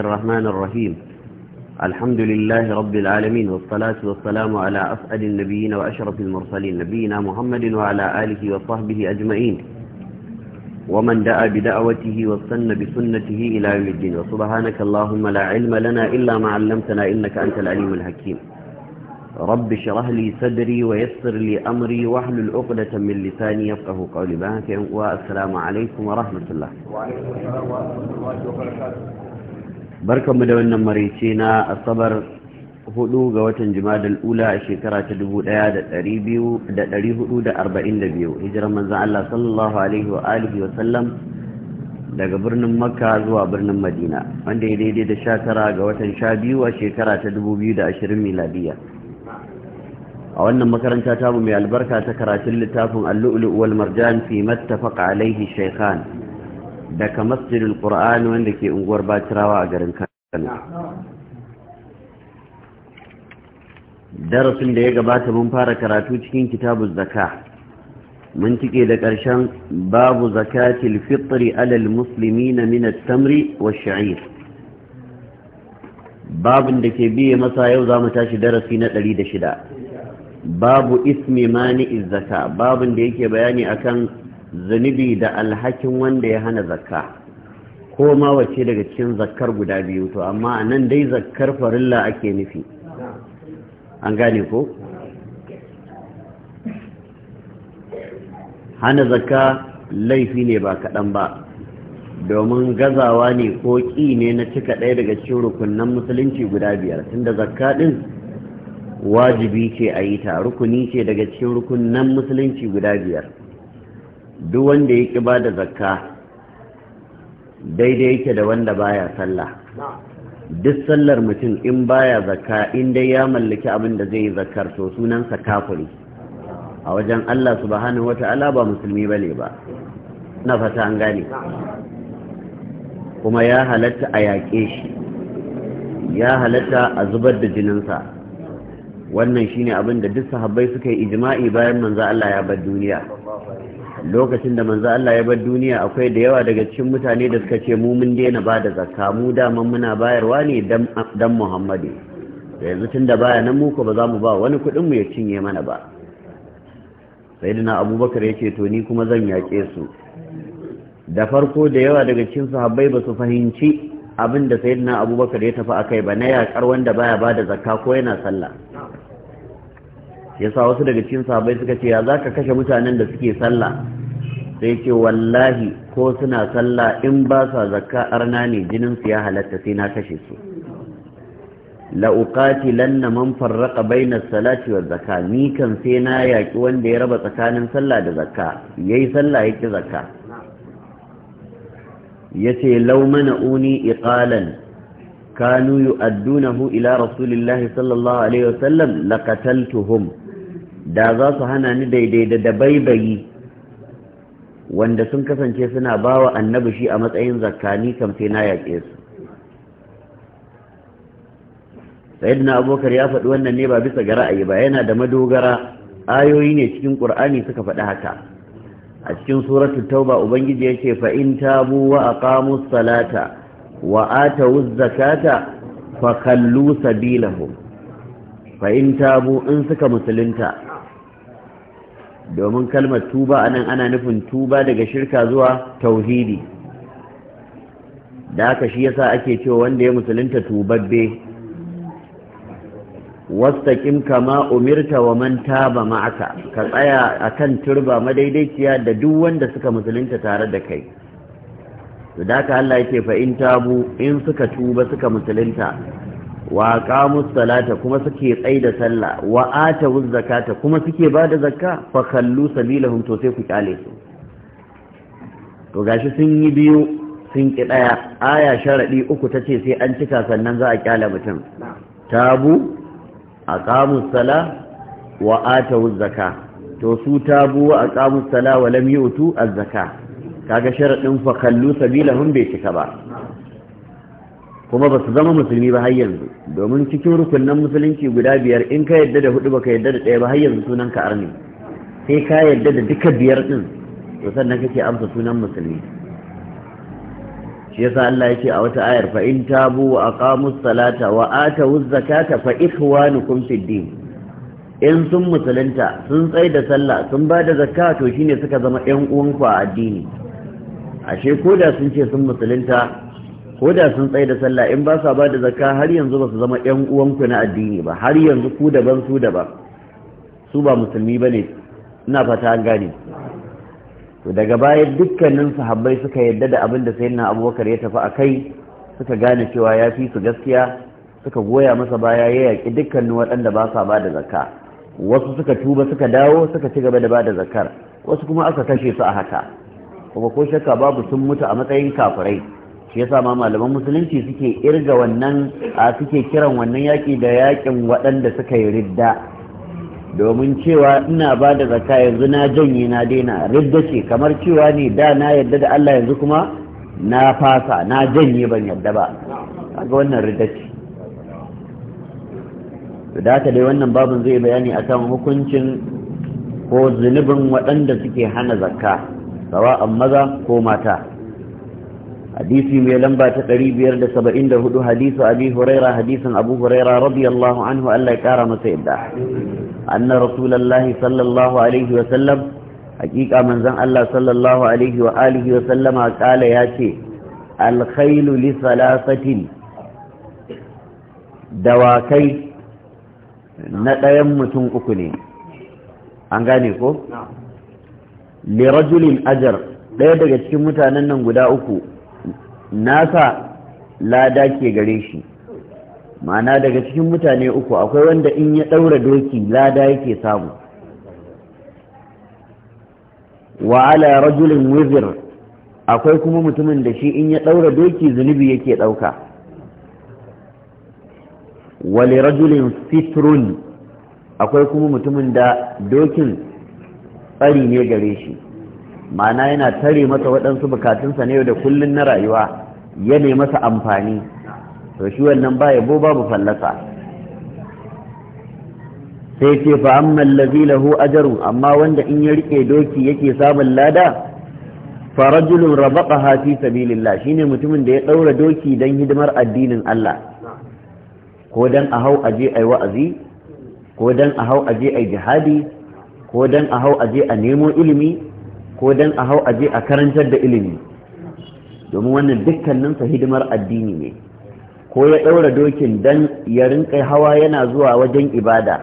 الله الرحمن الرحيم الحمد لله رب العالمين والصلاة والسلام على أسعد النبيين وأشرف المرسلين نبينا محمد وعلى آله وصحبه أجمعين ومن دعا بدعوته واستنى بسنته إلى يوم الدين وسبحانك اللهم لا علم لنا إلا ما علمتنا إنك أنت العليم الحكيم رب شرح لي صدري ويسر لي أمري وحل عقدة من لساني يفقه قولي بانك والسلام عليكم ورحمة الله وعليكم السلام ورحمة الله وبركاته barkanmu da wannan marice na asabar hudu ga watan jimadal ula a shekara ta dubu da da da arba'in da biyu hijirar manzan Allah sallallahu alaihi wa alihi wa sallam daga birnin makka zuwa birnin madina wanda ya daidai da sha tara ga watan sha biyu a shekara ta dubu biyu da ashirin miladiya a wannan makaranta tamu mai albarka ta karatun littafin allu'ulu wal marjan fi mattafaqa alaihi shaykhan daga masjidin ƙura'ani wanda ke unguwar bacirawa a garin kano darasin da ya gabata mun fara karatu cikin kitabun zaka mun cike da ƙarshen babu zakatil fitri alal musulmi na at-tamri wa shair babin da ke biye masa yau za mu tashi darasi na ɗari da shida, babu ismi mani zaka babin da yake bayani akan zunubi da alhakin wanda ya hana zakka ko ma wace daga cikin zakkar guda biyu to amma a nan dai zakkar farilla ake nufi an gane ko hana zakka laifi ne ba kaɗan ba domin gazawa ne ko ƙi ne na cika ɗaya daga cikin rukunan musulunci guda biyar tunda zakka ɗin wajibi ce a yi ta rukuni ce daga cikin rukunan musulunci guda biyar duk wanda ya ƙi ba da zakka daidai yake da wanda baya sallah duk sallar mutum in baya zakka in dai ya mallaki abin da zai yi zakkar to sunansa kafiri a wajen Allah subhanahu wata'ala ba musulmi bane ba na fata an gane kuma ya halatta a yaƙe shi ya halatta a zubar da jininsa wannan shine abin da duk sahabbai suka yi ijma'i bayan manzo Allah ya bar duniya lokacin da manzo Allah ya bar duniya akwai da yawa daga cikin mutane da suka ce mu mun daina ba da zakka mu daman muna bayarwa ne dan Muhammadu da yanzu tun da baya nan ko ba za mu ba wani kuɗin mu ya cinye mana ba sai abubakar ya ce to ni kuma zan yake su da farko da yawa daga cikin sahabbai ba su fahimci abin da sai abubakar ya tafi akai ba na yakar wanda baya ba da zakka ko yana sallah Ya sa wasu daga cikin sahabbai suka ce ya zaka kashe mutanen da suke sallah sai ce wallahi ko suna sallah in ba sa zakka arna ne jinin su ya halatta sai na kashe su la uqatilanna man farraqa bayna salati wa zakka ni kan sai na yaki wanda ya raba tsakanin sallah da zakka yayi sallah yaki zakka yace law uni iqalan kanu yu'addunahu ila rasulillahi sallallahu alaihi wasallam laqataltuhum da za su hana ni daidai da dabaibayi wanda sun kasance suna bawa annabi shi a matsayin zakani kam sai na yaƙe su sayyidina abokar ya faɗi wannan ne ba bisa ga ra'ayi ba yana da madogara ayoyi ne cikin ƙur'ani suka faɗi haka a cikin suratul tauba ubangiji ya ce fa in tabu wa aqamu salata wa atawu zakata fa kallu sabilahum fa in tabu in suka musulunta domin kalmar tuba anan ana nufin tuba daga shirka zuwa tauhidi da haka shi yasa ake cewa wanda ya musulunta tubabbe wastaqim kama umirta wa man taba ma'aka ka tsaya akan turba madaidaiciya da duk wanda suka musulunta tare da kai da haka Allah yake fa in tabu in suka tuba suka musulunta wa qamus salata kuma suke tsayi da sallah wa atawuz zakata kuma suke ba da zakka fa kallu sabilahum to sai ku kyale su to gashi sun yi biyu sun ki daya aya sharadi uku tace sai an cika sannan za a kyale mutum tabu aqamu sala wa atawuz zakata to su tabu wa aqamu sala wa lam yutu az-zaka kaga sharadin fa kallu sabilahum bai cika ba kuma ba su zama musulmi ba har yanzu domin cikin rukunan musulunci guda biyar in ka yadda da hudu baka yadda da ɗaya ba har yanzu sunan ka arni sai ka yadda da duka biyar din to sannan kake amsa sunan musulmi shi yasa Allah yake a wata ayar fa in tabu wa aqamus salata wa atawuz zakata fa ikhwanukum fid din in sun musulunta sun tsai da sallah sun ba da zakka to shine suka zama ƴan uwanku a addini ashe koda sun ce sun musulunta ko da sun tsaye da sallah in ba sa ba da zakka har yanzu ba su zama ƴan uwanku na addini ba har yanzu ku daban su daban su ba musulmi ba ne ina fata an gane to daga baya dukkanin sahabbai suka yadda da abin da sayyidina abubakar ya tafi a kai suka gane cewa ya fi su gaskiya suka goya masa baya ya yaƙi dukkanin waɗanda ba sa ba da zakka wasu suka tuba suka dawo suka ci gaba da ba da zakkar wasu kuma aka kashe su a haka kuma ko shakka babu sun mutu a matsayin kafirai shi yasa ma malaman musulunci suke irga wannan a suke kiran wannan yaƙi da yaƙin waɗanda suka yi ridda domin cewa ina ba da zaka yanzu na janye na daina ridda ce kamar cewa ne da na yadda da Allah yanzu kuma na fasa na janye ban yadda ba kaga wannan ridda ce da haka dai wannan babin zai bayani akan hukuncin ko zunubin waɗanda suke hana zakka sawa'an maza ko mata hadisi mai lamba ta 574 hadisu abi huraira hadisin abu huraira radiyallahu anhu Allah ya kara masa yadda anna rasulullahi sallallahu alaihi wa sallam hakika manzon Allah sallallahu alaihi wa alihi wa sallama kala yace alkhailu li salasatin dawakai na ɗayan mutum uku ne an gane ko? lirajulin ajar ɗaya daga cikin mutanen nan guda uku nasa lada ke gare shi ma'ana daga cikin mutane uku akwai wanda in ya ɗaura doki lada yake samu wa ala rajulin wizir akwai kuma mutumin da shi in ya ɗaura doki zunubi yake ɗauka wali rajulin fitrun akwai kuma mutumin da dokin tsari ne gare shi ma'ana yana tare masa waɗansu bukatunsa ne da kullum na rayuwa ya ne masa amfani to shi wannan ba yabo babu fallasa sai ce fa amman lazi lahu ajaru amma wanda in ya rike doki yake samun lada fa rajulun rabaqaha fi sabilillah shine mutumin da ya daura doki dan hidimar addinin Allah ko dan a hau aje ai wa'azi ko dan a hau aje ai jihadi ko dan a hau aje a nemo ilimi ko dan a hau aje a karantar da ilimi domin wannan dukkaninsa hidimar addini ne ko ya ɗaura dokin dan ya rinka hawa yana zuwa wajen ibada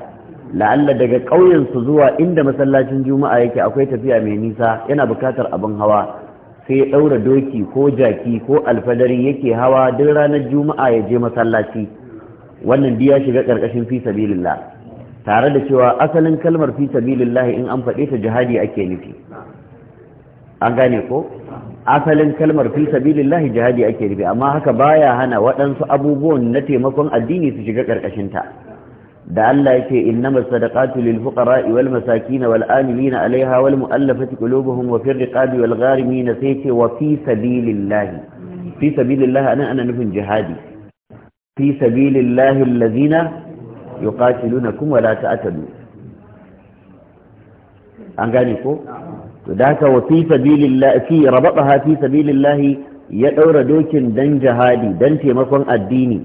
la'alla daga ƙauyensu zuwa inda masallacin juma'a yake akwai tafiya mai nisa yana buƙatar abin hawa sai ya ɗaura doki ko jaki ko alfadari yake hawa duk ranar juma'a ya je masallaci wannan biya shiga ƙarƙashin fi sabilillah tare da cewa asalin kalmar fi sabilillah in an faɗe ta jihadi ake nufi an gane ko asalin kalmar fi sabilillahi jihadi ake rufe amma haka baya hana waɗansu abubuwan na taimakon addini su shiga ta da Allah yake innama sadaqatu lil fuqara wal masakin wal amilina alaiha wal mu'allafati qulubuhum wa fir riqabi wal gharimin sai ce wa fi sabilillahi fi sabilillahi anan ana nufin jihadi fi sabilillahi allazina yuqatilunakum wa la ta'tadu an gane ko to da haka wafi fi fi sabilillah ya daura dokin dan jihadi dan taimakon addini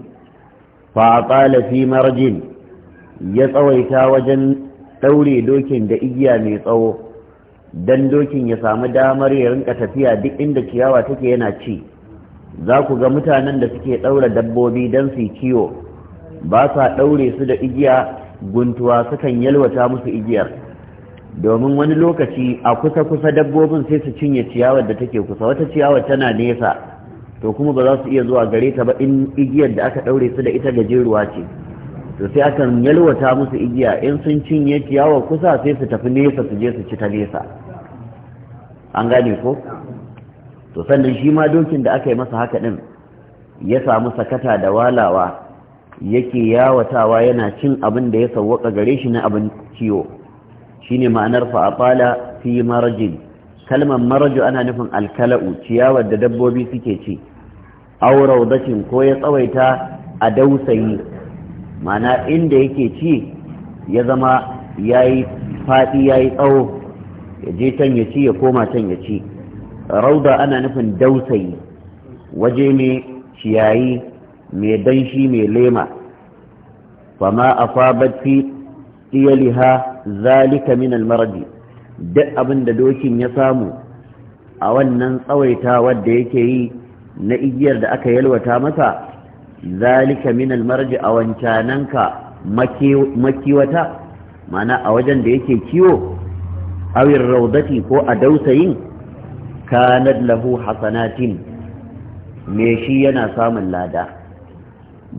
fa qala fi marjin ya tsawaita wajen daure dokin da igiya mai tsawo dan dokin ya samu damar ya rinka tafiya duk inda ciyawa take yana ci za ku ga mutanen da suke daura dabbobi dan su kiwo ba sa daure su da igiya guntuwa sukan yalwata musu igiyar domin wani lokaci a kusa-kusa dabbobin sai su cinye ciyawar da take kusa wata ciyawar tana nesa to kuma ba za su iya zuwa gare ta ba in igiyar da aka ɗaure su da ita gajeruwa ce to sai akan yalwata musu igiya in sun cinye ciyawar kusa sai su tafi nesa su je su ci ta nesa an gane ko to sannan shi ma dokin da aka yi masa haka ɗin ya samu sakata da walawa yake yawatawa yana cin abin da ya sauwaka gare shi na abin ciwo Shi ne ma'anar fa'atala fi marajin kalmar maraju ana nufin alkala'u ciyawar da dabbobi suke ci aurau dacin ko ya tsawaita a dausayi mana inda yake ci ya zama ya yi faɗi ya yi tsawo ya je can ya ci ya koma can ya ci rauda ana nufin dausayi waje ne ciyayi mai danshi mai lema fama afabat fi iyaliha zalika min almaradi duk abin da dokin ya samu a wannan tsawaita wadda yake yi na igiyar da aka yalwata masa zalika min almaradi a wancananka makiwata mana a wajen da yake kiwo awin raudati ko a dausayin kanad lahu hasanatin me shi yana samun lada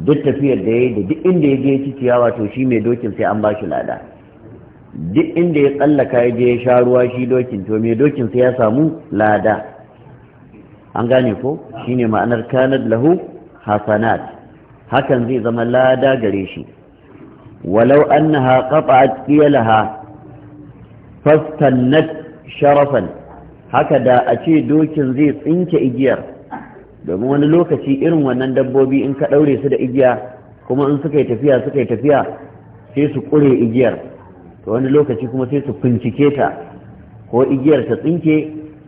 duk tafiyar da ya da duk inda ya je ciyawa to shi mai dokin sai an bashi shi lada duk inda ya tsallaka ya je ya sha ruwa shi dokin to me dokin sai ya samu lada an gane ko shine ma'anar kanad lahu hasanat hakan zai zama lada gare shi walau annaha qata'at qiyalaha fastannat sharafan haka da a ce dokin zai tsinke igiyar domin wani lokaci irin wannan dabbobi in ka ɗaure su da igiya kuma in suka yi tafiya suka yi tafiya sai su kure igiyar to wani lokaci kuma sai su fincike ta ko igiyar ta tsinke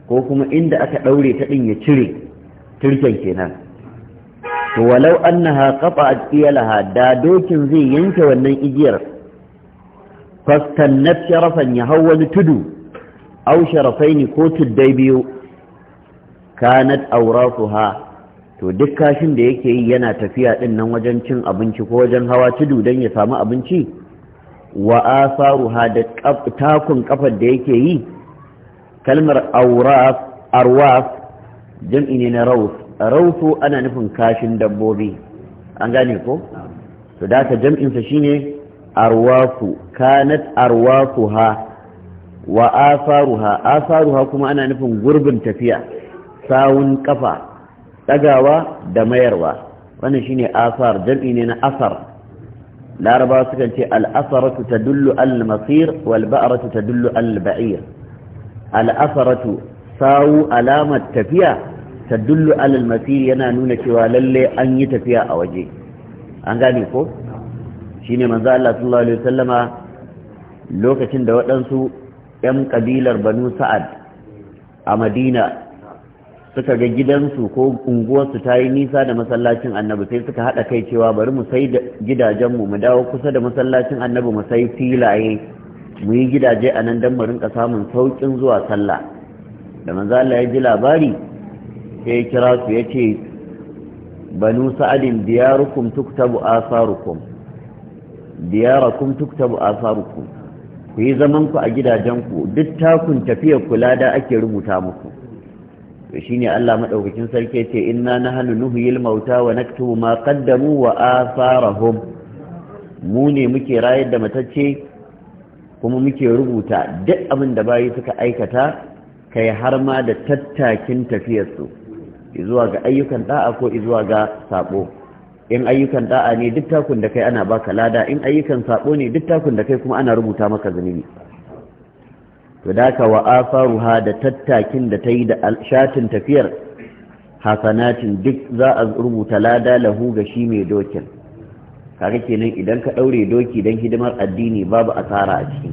ko kuma inda aka ɗaure ta ɗin ya cire turken kenan to walau annaha kafa a da dokin zai yanke wannan igiyar fastan na sharafan ya hau wani tudu au sharafai ko tuddai biyu kanat auratuha to duk kashin da yake yi yana tafiya din nan wajen cin abinci ko wajen hawa tudu don ya samu abinci wa asaruha da takun kafar da yake yi kalmar arwaf jam'i ne na rauf rautu ana nufin kashin dabbobi an gane ko to da ka jam'insa shine arwafu kanat arwafuha wa asaruha asaruha kuma ana nufin gurbin tafiya sawun kafa ɗagawa da mayarwa wannan shine asar jam'i ne na asar laraba sukan ce al'asaratu ta dullu al-masir wal ba'aratu ta dullu al-ba'ir al'asaratu sawu alamar tafiya ta dullu al-masir yana nuna cewa lalle an yi tafiya a waje an gane ko shine manzo Allah sallallahu alaihi wasallama lokacin da waɗansu 'yan ƙabilar banu sa'ad a madina suka ga gidansu ko unguwarsu ta yi nisa da masallacin annabi sai suka haɗa kai cewa bari mu sai gidajenmu mu dawo kusa da masallacin annabi mu sai filaye mu yi gidaje a nan don mu rinka samun sauƙin zuwa sallah da manzo Allah ya ji labari sai ya kira su ya ce banu sa'adin diyarukum tuktabu asarukum diyarakum tuktabu asarukum ku yi zaman ku a gidajenku duk takun tafiyar kula da ake rubuta muku to shine Allah madaukakin sarki yace inna nahnu nuhyil mauta wa naktubu ma qaddamu wa atharahum mu ne muke rayar da matacce kuma muke rubuta duk abin da bayi suka aikata kai har ma da tattakin tafiyarsu zuwa ga ayyukan da'a ko zuwa ga sabo in ayyukan da'a ne duk takun da kai ana baka lada in ayyukan sabo ne duk takun da kai kuma ana rubuta maka zunubi to daka wa asaruha da tattakin da ta yi da shatin tafiyar hasanatin duk za a rubuta lada lahu ga shi mai dokin kaga kenan idan ka ɗaure doki don hidimar addini babu asara a ciki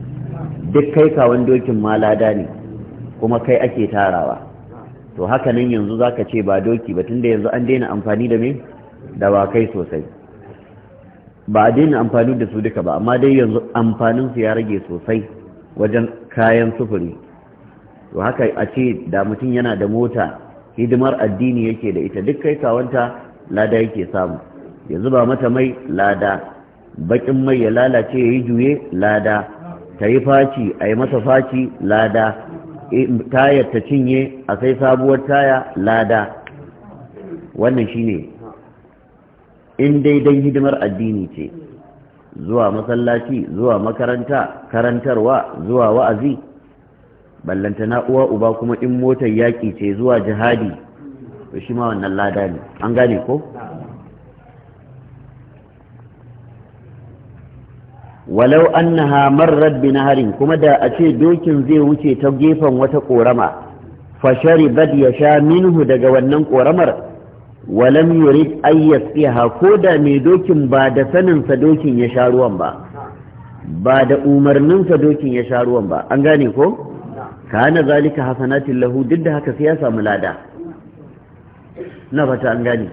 duk kai kawon dokin ma lada ne kuma kai ake tarawa to haka nan yanzu za ka ce ba doki ba tunda yanzu an daina amfani da me dawakai sosai ba a daina amfani da su duka ba amma dai yanzu amfaninsu ya rage sosai wajen kayan sufuri to haka a ce da mutum yana da mota hidimar addini yake da ita duk kai kawanta lada yake samu ya zuba mata mai lada bakin mai ya lalace ya yi juye lada ta yi faci a yi mata faci lada e, tayar ta cinye a sai sabuwar taya lada wannan shine in daidai hidimar addini ce zuwa masallaci zuwa makaranta karantarwa zuwa wa'azi ballanta na uwa uba kuma in motar yaƙi ce zuwa jihadi to shi ma wannan lada ne an gane ko walau annaha marrat bi naharin kuma da a ce dokin zai wuce ta gefen wata ƙorama. fa sharibat ya sha minhu daga wannan ƙoramar. walam yurid ay yasiha ko da mai dokin ba da saninsa dokin ya sha ruwan ba ba da umarninsa dokin ya sha ruwan ba an gane ko kana zalika hasanatin lahu duk da haka sai ya samu lada na fata an gane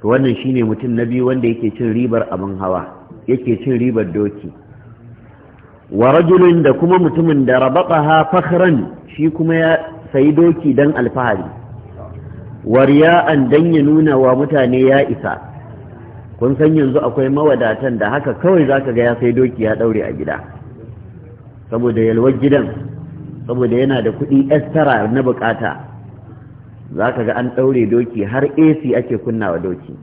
to wannan shine mutum na biyu wanda yake cin ribar abin hawa yake cin ribar doki wa rajulun da kuma mutumin da rabaqaha fakhran shi kuma ya sayi doki dan alfahari Warya dan ya nuna wa mutane ya isa kun san yanzu akwai mawadatan da haka kawai zaka ga ya sai doki ya daure a gida saboda yalwar gidan saboda yana da kuɗi estara na bukata zaka ga an daure doki har AC ake kunnawa doki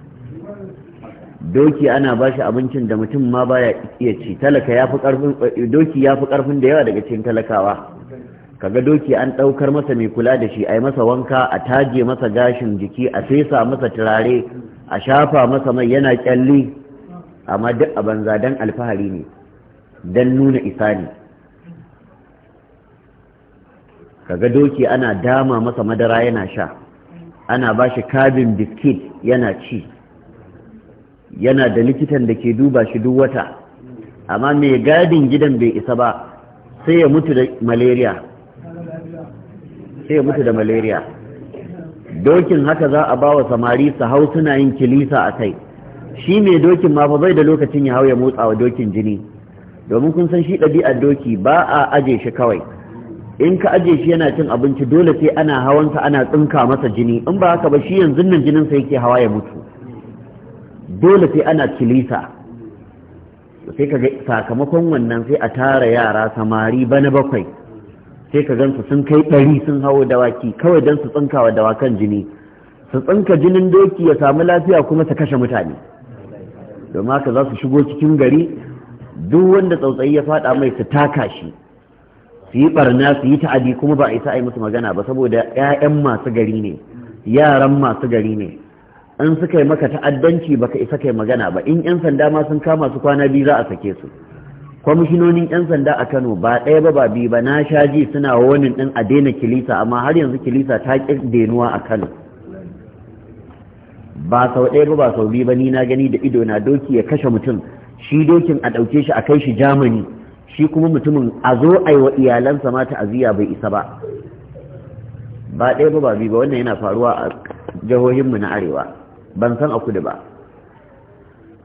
doki ana bashi abincin da mutum ma baya iya ci talaka ya fi karfin doki ya fi karfin da yawa daga cikin talakawa kaga doki an ɗaukar masa mai kula da shi a yi masa wanka a taje masa gashin jiki a fesa masa turare a shafa masa mai yana kyalli amma duk a banza don alfahari ne don nuna isa ne kaga doki ana dama masa madara yana sha ana ba shi kabin biskit yana ci yana da likitan da ke duba shi duk wata amma mai gadin gidan bai isa ba sai ya mutu da malaria sai ya mutu da malaria dokin haka za a ba wa samari su hau suna yin kilisa a kai shi mai dokin ma fa bai da lokacin ya hau ya motsa wa dokin jini domin kun san shi ɗabi'ar doki ba a aje shi kawai in ka aje shi yana cin abinci dole sai ana hawansa ana tsinka masa jini in ba haka ba shi yanzu nan jinin sa yake hawa ya mutu dole sai ana kilisa sai ka ga sakamakon wannan sai a tara yara samari bana bakwai sai ka gansu sun kai ɗari sun hawo dawaki kawai don su tsinkawa wa dawakan jini su tsinka jinin doki ya samu lafiya kuma su kashe mutane domin haka za su shigo cikin gari duk wanda tsautsayi ya faɗa mai su taka shi su yi barna su yi ta'adi kuma ba a isa a yi musu magana ba saboda 'ya'yan masu gari ne yaran masu gari ne in suka yi maka ta'addanci baka isa kai magana ba in 'yan sanda ma sun kama su kwana biyu za a sake su kwamishinonin 'yan sanda a kano ba ɗaya ba ba biyu ba na sha ji suna wani ɗin a daina kilisa amma har yanzu kilisa ta ƙi denuwa a kano ba sau ɗaya ba ba sau biyu ba ni na gani da ido na doki ya kashe mutum shi dokin a ɗauke shi a kai shi jamani shi kuma mutumin a zo a yi wa iyalansa ma ta'aziyya bai isa ba ba ɗaya ba ba biyu ba wannan yana faruwa a jihohinmu na arewa ban san a kudu ba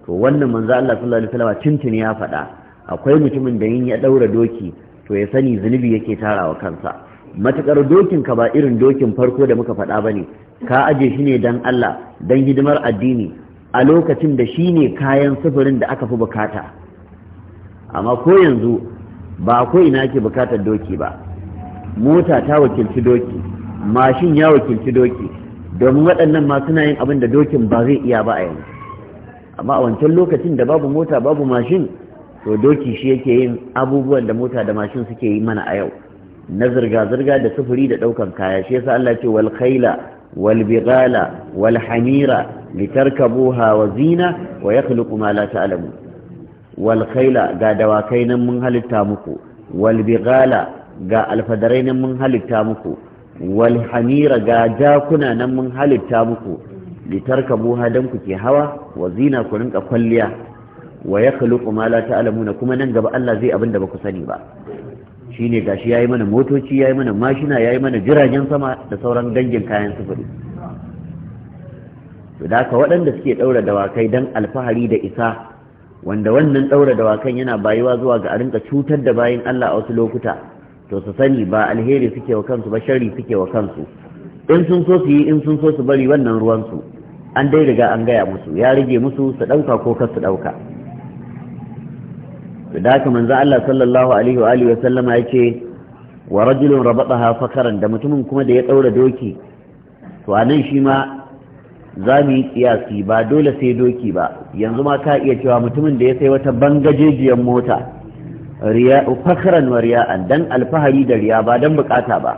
to wannan manzo Allah sallallahu alaihi wasallam tuntuni ya faɗa akwai mutumin da yin ya ɗaura doki to ya sani zunubi yake tarawa kansa matukar dokin ka ba irin dokin farko da muka faɗa ba ne ka aje shi ne don Allah don hidimar addini a lokacin da shi ne kayan sufurin da aka fi bukata amma ko yanzu ba ko ina ake bukatar doki ba mota ta wakilci doki mashin ya wakilci doki domin waɗannan ma suna yin abin da dokin ba zai iya ba a yanzu amma a wancan lokacin da babu mota babu mashin to doki shi yake yin abubuwan da mota da mashin suke yi mana a yau na zirga-zirga da sufuri da ɗaukan kaya shi yasa Allah ce wal khaila wal bigala wal hamira wa zina wa yakhluqu ma la ta'lamu wal khaila ga dawakai nan mun halitta muku wal bigala ga alfadarai nan mun halitta muku wal hamira ga jakuna nan mun halitta muku buha dan ku ke hawa wa zina ku rinka kwalliya wa ya kaluku ma la ta'lamuna kuma nan gaba Allah zai abin da ba ku sani ba shine gashi yayi mana motoci yayi mana mashina yayi mana jiragen sama da sauran dangin kayan sufuri to da haka waɗanda suke ɗaura dawakai dan alfahari da isa wanda wannan ɗaura dawakan yana bayuwa zuwa ga a rinka cutar da bayan Allah a wasu lokuta to su sani ba alheri suke wa kansu ba sharri suke wa kansu in sun so su yi in sun so su bari wannan ruwansu an dai riga an gaya musu ya rige musu su ɗauka ko kar su ɗauka da haka manzo Allah sallallahu alaihi wa alihi wa sallama yake wa rajulun rabataha fakaran da mutumin kuma da ya daura doki to anan shi ma za mu yi kiyasi ba dole sai doki ba yanzu ma ka iya cewa mutumin da ya sai wata bangajejiyar mota riya fakaran wa riya'an dan alfahari da riya ba dan bukata ba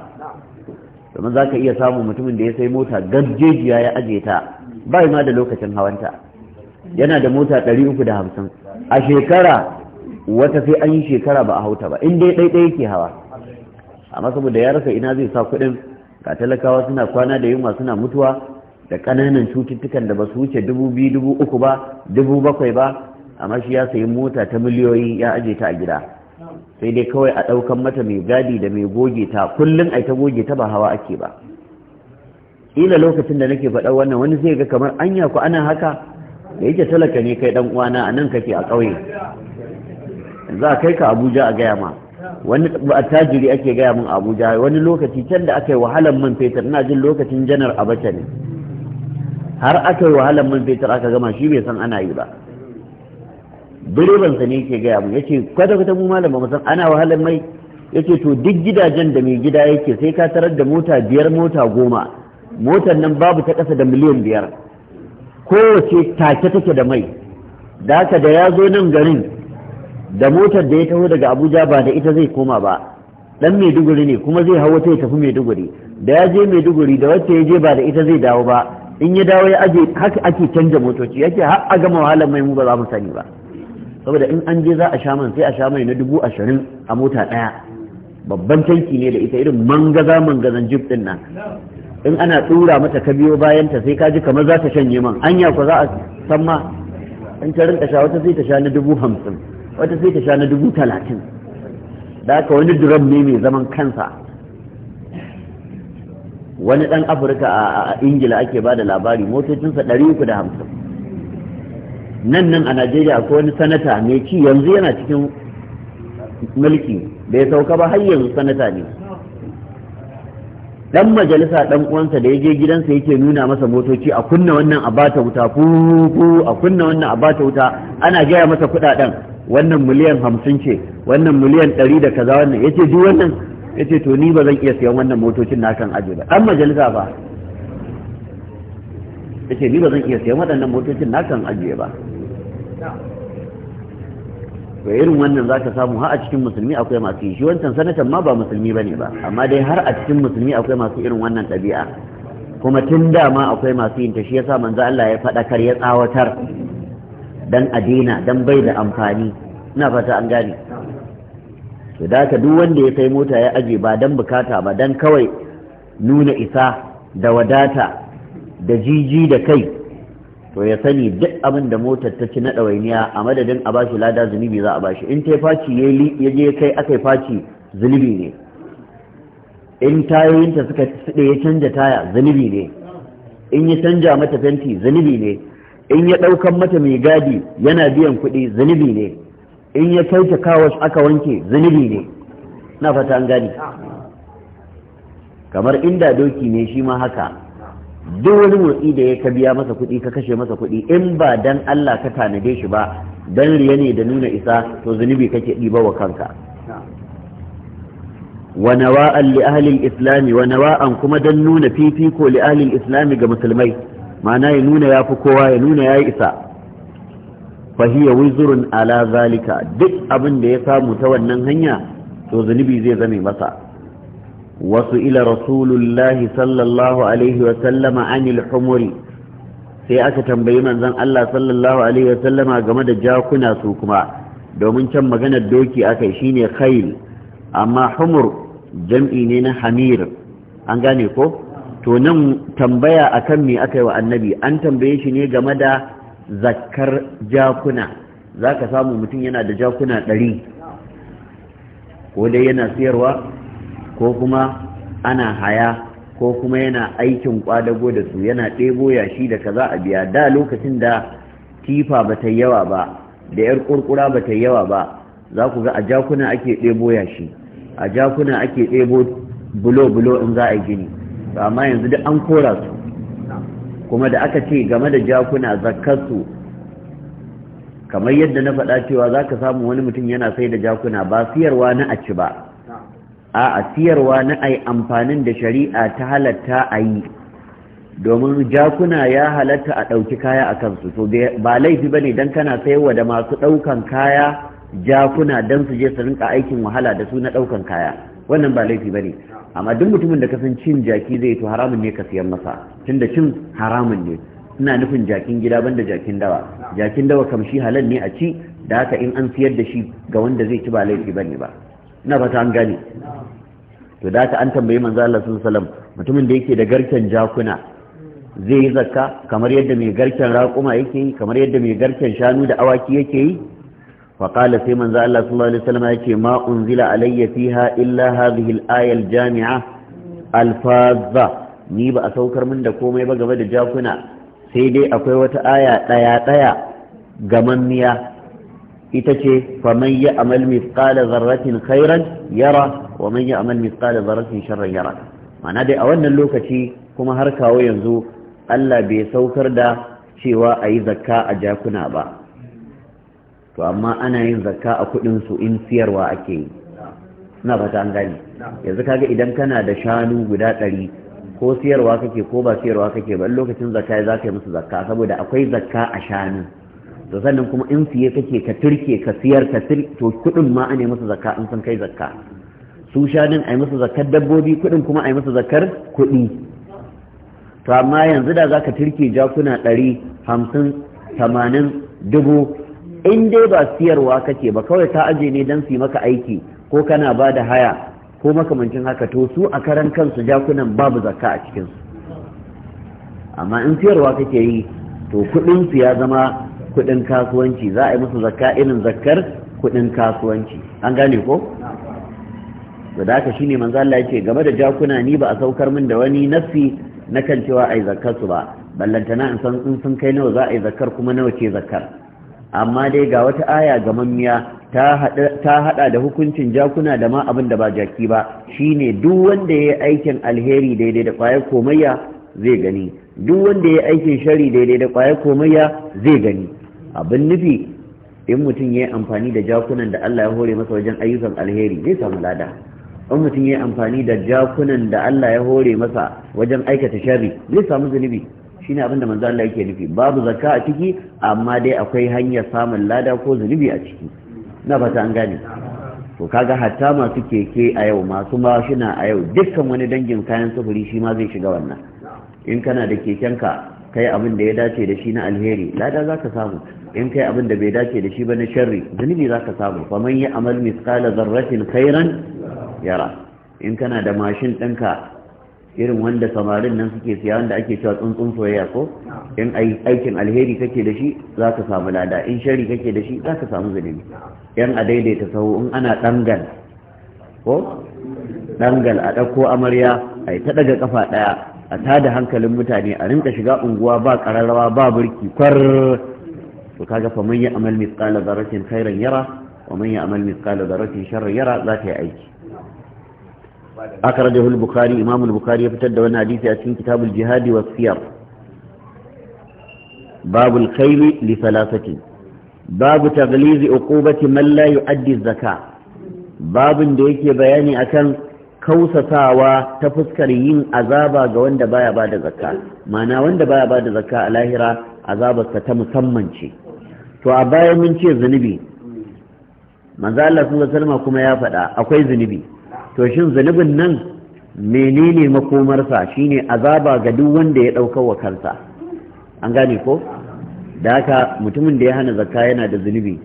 domin za ka iya samun mutumin da ya sai mota gajejiya ya aje ta ba ma da lokacin hawanta yana da mota 350 a shekara wata sai an yi shekara ba a hauta ba in dai ɗaiɗai yake hawa amma saboda ya rasa ina zai sa kuɗin ga talakawa suna kwana da yunwa suna mutuwa da kananan cututtukan da ba su wuce dubu biyu dubu uku ba dubu bakwai ba amma shi ya sayi mota ta miliyoyi ya aje ta a gida sai dai kawai a ɗaukan mata mai gadi da mai goge ta kullum aita ta goge ta ba hawa ake ba ila lokacin da nake faɗa wannan wani zai ga kamar anya ku ana haka da yake talaka ne kai ɗan uwana a nan kake a ƙauye za a kai ka abuja a gaya ma wani attajiri ake gaya min abuja wani lokaci can da aka yi wahalar man fetur ina jin lokacin janar abacha ne har aka yi wahalar man fetur aka gama shi bai san ana yi ba direbansa ne yake gaya min yace kwata kwata mu malam ba san ana wahalar mai yace to duk gidajen da mai gida yake sai ka tarar da mota biyar mota goma motar nan babu ta kasa da miliyan biyar kowace take take da mai da haka da ya zo nan garin da motar da ya taho daga abuja ba da ita zai koma ba dan maiduguri ne kuma zai hawa ta ya tafi maiduguri da ya je maiduguri da wacce ya je ba da ita zai dawo ba in ya dawo ya aje haka ake canja motoci yake har a gama wahalar mai mu ba za mu sani ba saboda in an je za a sha man sai a sha mai na dubu ashirin a mota ɗaya babban tanki ne da ita irin mangaza mangazan jib din nan in ana tsura mata ka biyo bayan ta sai ka ji kamar za ta shanye man anya ko za a san ma in ta rinka sha wata sai ta sha na dubu hamsin wata sai ta sha na dubu talatin da aka wani duran ne mai zaman kansa wani dan afirka a ingila ake ba da labari motocinsa ɗari uku da hamsin nan nan a najeriya ko wani sanata mai ci yanzu yana cikin mulki bai sauka ba har yanzu sanata ne dan majalisa dan uwansa da ya je gidansa yake nuna masa motoci a kunna wannan a bata wuta fu a kunna wannan a bata wuta ana gaya masa kudaden wannan miliyan hamsin ce wannan miliyan ɗari da kaza wannan ya ce duk wannan ya ce to ni ba zan iya siyan wannan motocin na kan ajiye ba ɗan majalisa ba ya ce ni ba zan iya siyan waɗannan motocin na kan ajiye ba to irin wannan za ka samu har a cikin musulmi akwai masu yi shi wancan sanatan ma ba musulmi ba ne ba amma dai har a cikin musulmi akwai masu irin wannan ɗabi'a kuma tun dama akwai masu yin ta shi yasa manzo Allah ya faɗa kar ya tsawatar dan a daina dan bai da amfani ina fata an gane to da haka duk wanda ya kai mota ya aje ba dan bukata ba dan kawai nuna isa da wadata da jiji da kai to ya sani duk abin da motar ta ci na ɗawainiya a madadin a bashi lada zunubi za a bashi in ta faci ya je kai aka faci zunubi ne in tayoyinta suka suɗe ya canja taya zunubi ne in ya canja mata fenti zunubi ne in ya ɗaukan mata mai gadi yana biyan kuɗi zunubi ne in ya kyauta kawas aka wanke zunubi ne na fata an gani kamar inda doki ne shi ma haka duk wani motsi da ya ka biya masa kuɗi ka kashe masa kuɗi in ba dan Allah ka tanade shi ba dan riya ne da nuna isa to zunubi kake ɗiba wa kanka wa nawa'an li ahli al-islam wa nawa'an kuma dan nuna fifiko li ahli al-islam ga musulmai ma'ana ya nuna ya fi kowa ya nuna ya isa fahiya wizurun ala zalika duk abin da ya samu ta wannan hanya to zunubi zai zame masa wasu ila rasulullahi sallallahu alaihi wa sallama anil humuri sai aka tambayi manzon Allah sallallahu alaihi wa sallama game da jakuna su kuma domin can maganar doki aka yi shine khail amma humur jam'i ne na hamir an gane ko to nan tambaya akan me aka yi wa annabi an tambaye shi ne game da zakkar jakuna za ka samu mutum yana da jakuna ɗari ko dai yana siyarwa ko kuma ana haya ko kuma yana aikin kwadago da su yana ɗebo yashi da kaza a biya da lokacin da tifa ba ta yawa ba da yar kurkura ba ta yawa ba za ku ga a jakuna ake ɗebo yashi a jakuna ake ɗebo bulo-bulo in za a yi gini to amma yanzu duk an kora su kuma da aka ce game da jakuna zakkarsu kamar yadda na faɗa cewa za ka samu wani mutum yana sai da jakuna ba siyarwa na a ci ba a siyarwa na a yi amfanin da shari'a ta halatta a yi domin jakuna ya halatta a ɗauki kaya a kansu to ba laifi ba ne don kana sayarwa da masu ɗaukan kaya jakuna don su je su rinka aikin wahala da su na ɗaukan kaya wannan ba laifi ba ne amma duk mutumin da kasan cin jaki zai to haramun ne ka siyan masa tun da cin haramun ne ina nufin jakin gida banda jakin dawa jakin dawa kam shi halal ne a ci da haka in an siyar da shi ga wanda zai ci ba laifi ne ba ina fata an gane to da haka an tambayi manzo Allah sallallahu alaihi wasallam mutumin da yake da garken jakuna zai yi zakka kamar yadda mai garken raƙuma yake yi kamar yadda mai garken shanu da awaki yake yi فقال في من ذا الله صلى الله عليه وسلم يكي ما أنزل علي فيها إلا هذه الآية الجامعة الفاظة نيب أسوكر من دكومي بقى بدا جاكنا سيدي أقوي وتآية تايا تايا قمنيا itace faman ya amal mithqala dharratin khairan yara wa man ya amal mithqala dharratin sharran yara ma'ana dai a wannan lokaci kuma har kawo yanzu Allah bai saukar da cewa a yi zakka a jakuna ba to amma ana yin zakka a kudin su in siyarwa ake yi na fata an gani. yanzu kaga idan kana da shanu guda ɗari ko siyarwa kake ko ba siyarwa kake ba lokacin zakka za ka yi musu zakka saboda akwai zakka a shanu to sannan kuma in siye kake ka turke ka siyar ka to kuɗin ma ana musu zakka in sun kai zakka su shanun a yi musu zakkar dabbobi kuɗin kuma a yi musu zakkar kuɗi to amma yanzu da za ka turke jakuna ɗari hamsin tamanin dubu in dai ba siyarwa kake ba kawai ta aje ne don su yi maka aiki ko kana ba da haya ko makamancin haka to su a karan kansu jakunan babu zakka a cikinsu amma in siyarwa kake yi to kuɗinsu ya zama kudin kasuwanci za a yi musu zakka irin zakkar kudin kasuwanci an gane ko da haka shine manzo Allah ya game da jakuna ni ba a saukar min da wani nafsi na kan cewa ai zakkar su ba ballantana in san in sun kai nawa za a yi zakkar kuma nawa ke zakkar amma dai ga wata aya ga mamiya ta hada da hukuncin jakuna da ma abin da ba jaki ba shine duk wanda ya aikin alheri daidai da kwaya komayya zai gani duk wanda ya aikin shari daidai da kwaya komayya zai gani abin nufi in mutum ya yi amfani da jakunan da Allah ya hore masa wajen ayyukan alheri zai samu lada in mutum ya yi amfani da jakunan da Allah ya hore masa wajen aikata shari zai samu zunubi shine ne abinda manzo Allah yake nufi babu zakka a ciki amma dai akwai hanyar samun lada ko zunubi a ciki na fata an gane to kaga hatta masu keke a yau masu mashina a yau dukkan wani dangin kayan sufuri shi ma zai shiga wannan in kana da kekenka kai abin da ya dace da shi na alheri lada za ka samu in kai abin da bai dace da shi ba na sharri zunubi za ka samu fa man yi amal misqala zarratin khairan yara in kana da mashin ɗinka irin wanda samarin nan suke siya wanda ake cewa tsuntsun soyayya ko in aikin alheri kake da shi za ka samu lada in shari kake da shi za ka samu zunubi yan a daidaita sahu in ana dangal ko dangal a ɗauko amarya a ta daga kafa ɗaya a da hankalin mutane a rinka shiga unguwa ba ƙararrawa ba burki kwar to kaga fa man ya amal mithqala dharratin khairan yara wa man ya amal mithqala dharratin sharran yara za ta yi aiki akhrajahu al-bukhari imam al-bukhari ya fitar da wannan hadisi a cikin kitabul jihadi was siyar باب الخيل لثلاثة باب تغليظ عقوبة من لا يؤدي da yake bayani akan kausasawa ta fuskar yin azaba ga wanda baya bada zakka mana wanda baya bada zakka a lahira azabarsa ta musamman ce to a baya mun ce zunubi manzo Allah sallallahu kuma ya faɗa akwai zunubi to shin zunubin nan menene makomarsa shine azaba ga duk wanda ya ɗaukar wa kansa an gane ko da haka mutumin da ya hana zakka yana da zunubi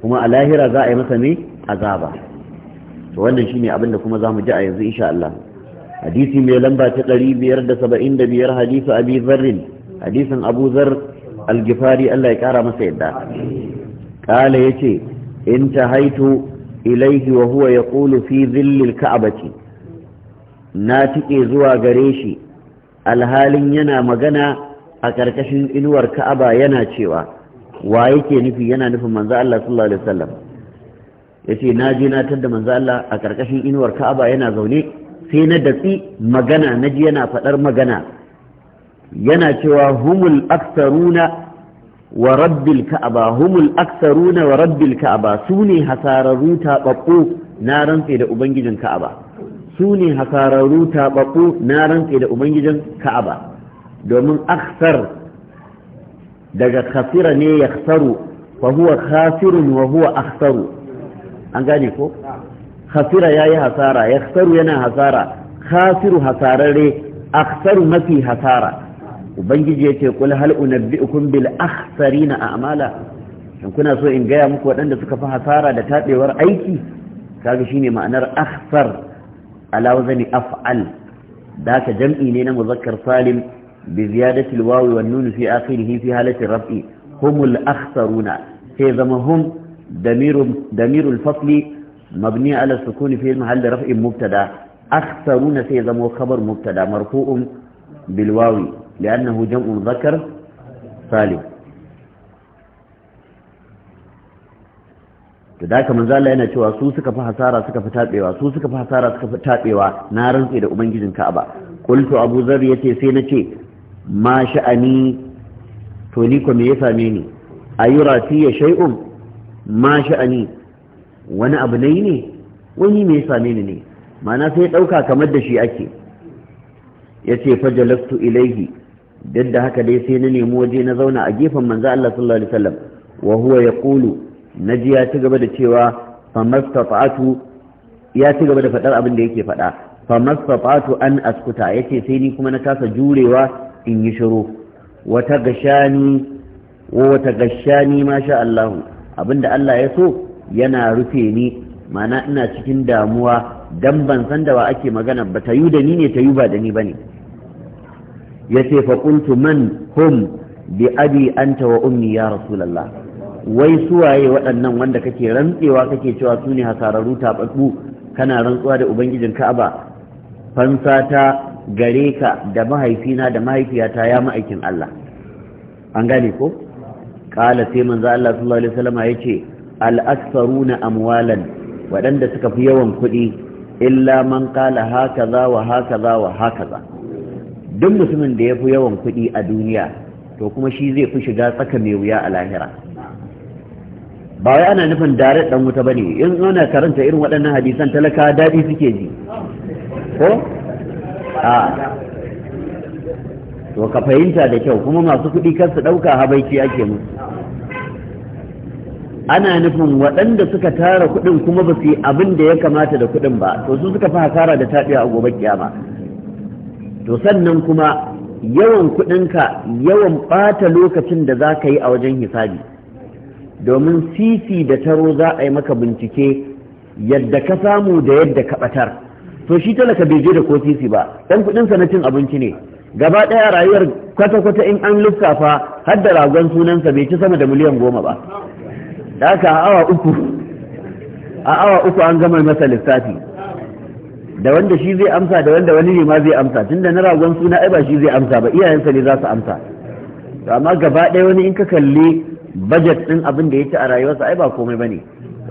kuma a lahira za a yi masa me azaba to wannan shine abinda kuma za mu ji a yanzu insha Allah hadisi mai lamba ta 575 hadisu abi zarrin hadisin abu zar al-gifari Allah ya kara masa yadda ya ce in haito. ilaihi wa huwa yaqulu fi zillil ka'abati na tike zuwa gare shi alhalin yana magana a ƙarƙashin inuwar ka'aba yana cewa wa yake nufi yana nufin manzo Allah sallallahu alaihi wasallam yace na je na tadda manzo Allah a ƙarƙashin inuwar ka'aba yana zaune sai na datsi magana na naji yana faɗar magana yana cewa humul aksaruna wa rabbil ka'aba humul aktharuna wa rabbil ka'aba sune ne ta taɓaɓɓu na rantsi da ubangijin ka'aba sune ne ta taɓaɓɓu na rantsi da ubangijin ka'aba domin aksar daga khasira ne ya khasaru fa huwa khasirun wa huwa akhsaru an gane ko khasira yayi hasara ya khasaru yana hasara khasiru hasararre akhsaru mafi hasara ubangiji ya ce kul hal unabbi'ukum bil akhsarina a'mala shin kuna so in gaya muku waɗanda suka fi hasara da tabewar aiki kaga shine ma'anar akhsar ala wazani af'al da ka jam'i ne na muzakkar salim bi ziyadati alwawi wan nun fi akhirih fi halati raf'i humul akhsaruna sai zama hum damirul fasli mabni ala sukuni fi mahall raf'in mubtada akhsaruna sai zama khabar mubtada marfu'un bil wawi لأنه جمع ذكر سالم da haka manzo Allah yana cewa su suka fi hasara suka fi tabewa su suka fi hasara suka fi tabewa na rantsi da ubangijin Ka'aba qultu Abu Dharr yace sai nace ma sha'ani to ni ko me ya same ni ayura ya shay'un ma sha'ani wani abu ne ne wani me ya same ni ne ma'ana sai ya dauka kamar da shi ake yace fajalastu ilaihi duk da haka dai sai na nemi waje na zauna a gefen manzo Allah sallallahu alaihi wasallam wa huwa yaqulu naji ya ci gaba da cewa famastata'atu ya ci gaba da faɗar abin da yake faɗa famastata'atu an askuta yace sai ni kuma na kasa jurewa in yi shiru wata gashani wata gashani masha Allah abinda Allah ya so yana rufe ni mana ina cikin damuwa dan ban san da wa ake magana ba tayu da ni ne tayu ba da ni bane ya fa faƙuntu man hum bi abi anta wa ummi ya rasulullah wai suwaye waɗannan wanda kake rantsewa kake cewa su ne hasararru taɓaɓɓu kana rantsuwa da ubangijin ka'aba fansa ta gare ka da mahaifina da mahaifiyata ya ma'aikin Allah an gane ko Ƙala sai manzo Allah sallallahu alaihi wasallam ya ce al'aksaruna aktharuna amwalan waɗanda suka fi yawan kuɗi illa man haka za wa za wa za. duk mutumin da ya fi yawan kuɗi a duniya to kuma shi zai fi shiga tsaka mai wuya a lahira ba wai ana nufin dare dan wuta bane in ana karanta irin waɗannan hadisan talaka daɗi suke ji ko a to ka fahimta da kyau kuma masu kuɗi kar su ɗauka habaiki ake musu ana nufin waɗanda suka tara kuɗin kuma ba su yi abin da ya kamata da kuɗin ba to su suka fi hasara da taɓiya a gobe kiyama to sannan kuma yawan kuɗinka yawan ɓata lokacin da za ka yi a wajen hisabi domin sisi da taro za a yi maka bincike yadda ka samu da yadda ka ɓatar to shi talaka bai je da ko sisi ba ɗan sa na cin abinci ne gaba ɗaya rayuwar kwata-kwata in an lissafa har da ragon sunansa bai ci sama da miliyan goma ba da haka a awa uku a awa uku an gama masa lissafi da wanda shi zai amsa da wanda wani ne ma zai amsa tunda na ragon suna ai ba shi zai amsa ba iyayensa ne za su amsa to amma gaba ɗaya wani in ka kalli budget din abin da ya ci a rayuwarsa ai ba komai bane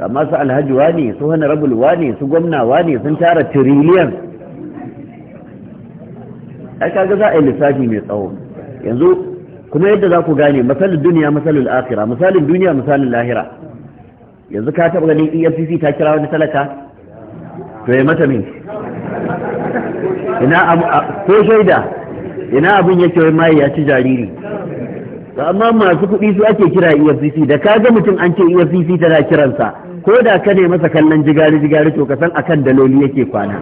amma su alhaji wane su honorable wane su gwamna wane sun tara tiriliyan ai kaga za a yi lissafi mai tsawo yanzu kuma yadda za ku gane masalin duniya masalin akhira misalin duniya misalin lahira yanzu ka taɓa ganin efcc ta kira wani talaka to ya mata min ina ko shaida ina abin yake wai mai ya ci jariri To amma masu kuɗi su ake kira EFCC da ka ga mutum an ce EFCC tana kiransa ko da ka ne masa kallon jigari jigari to ka san akan daloli yake kwana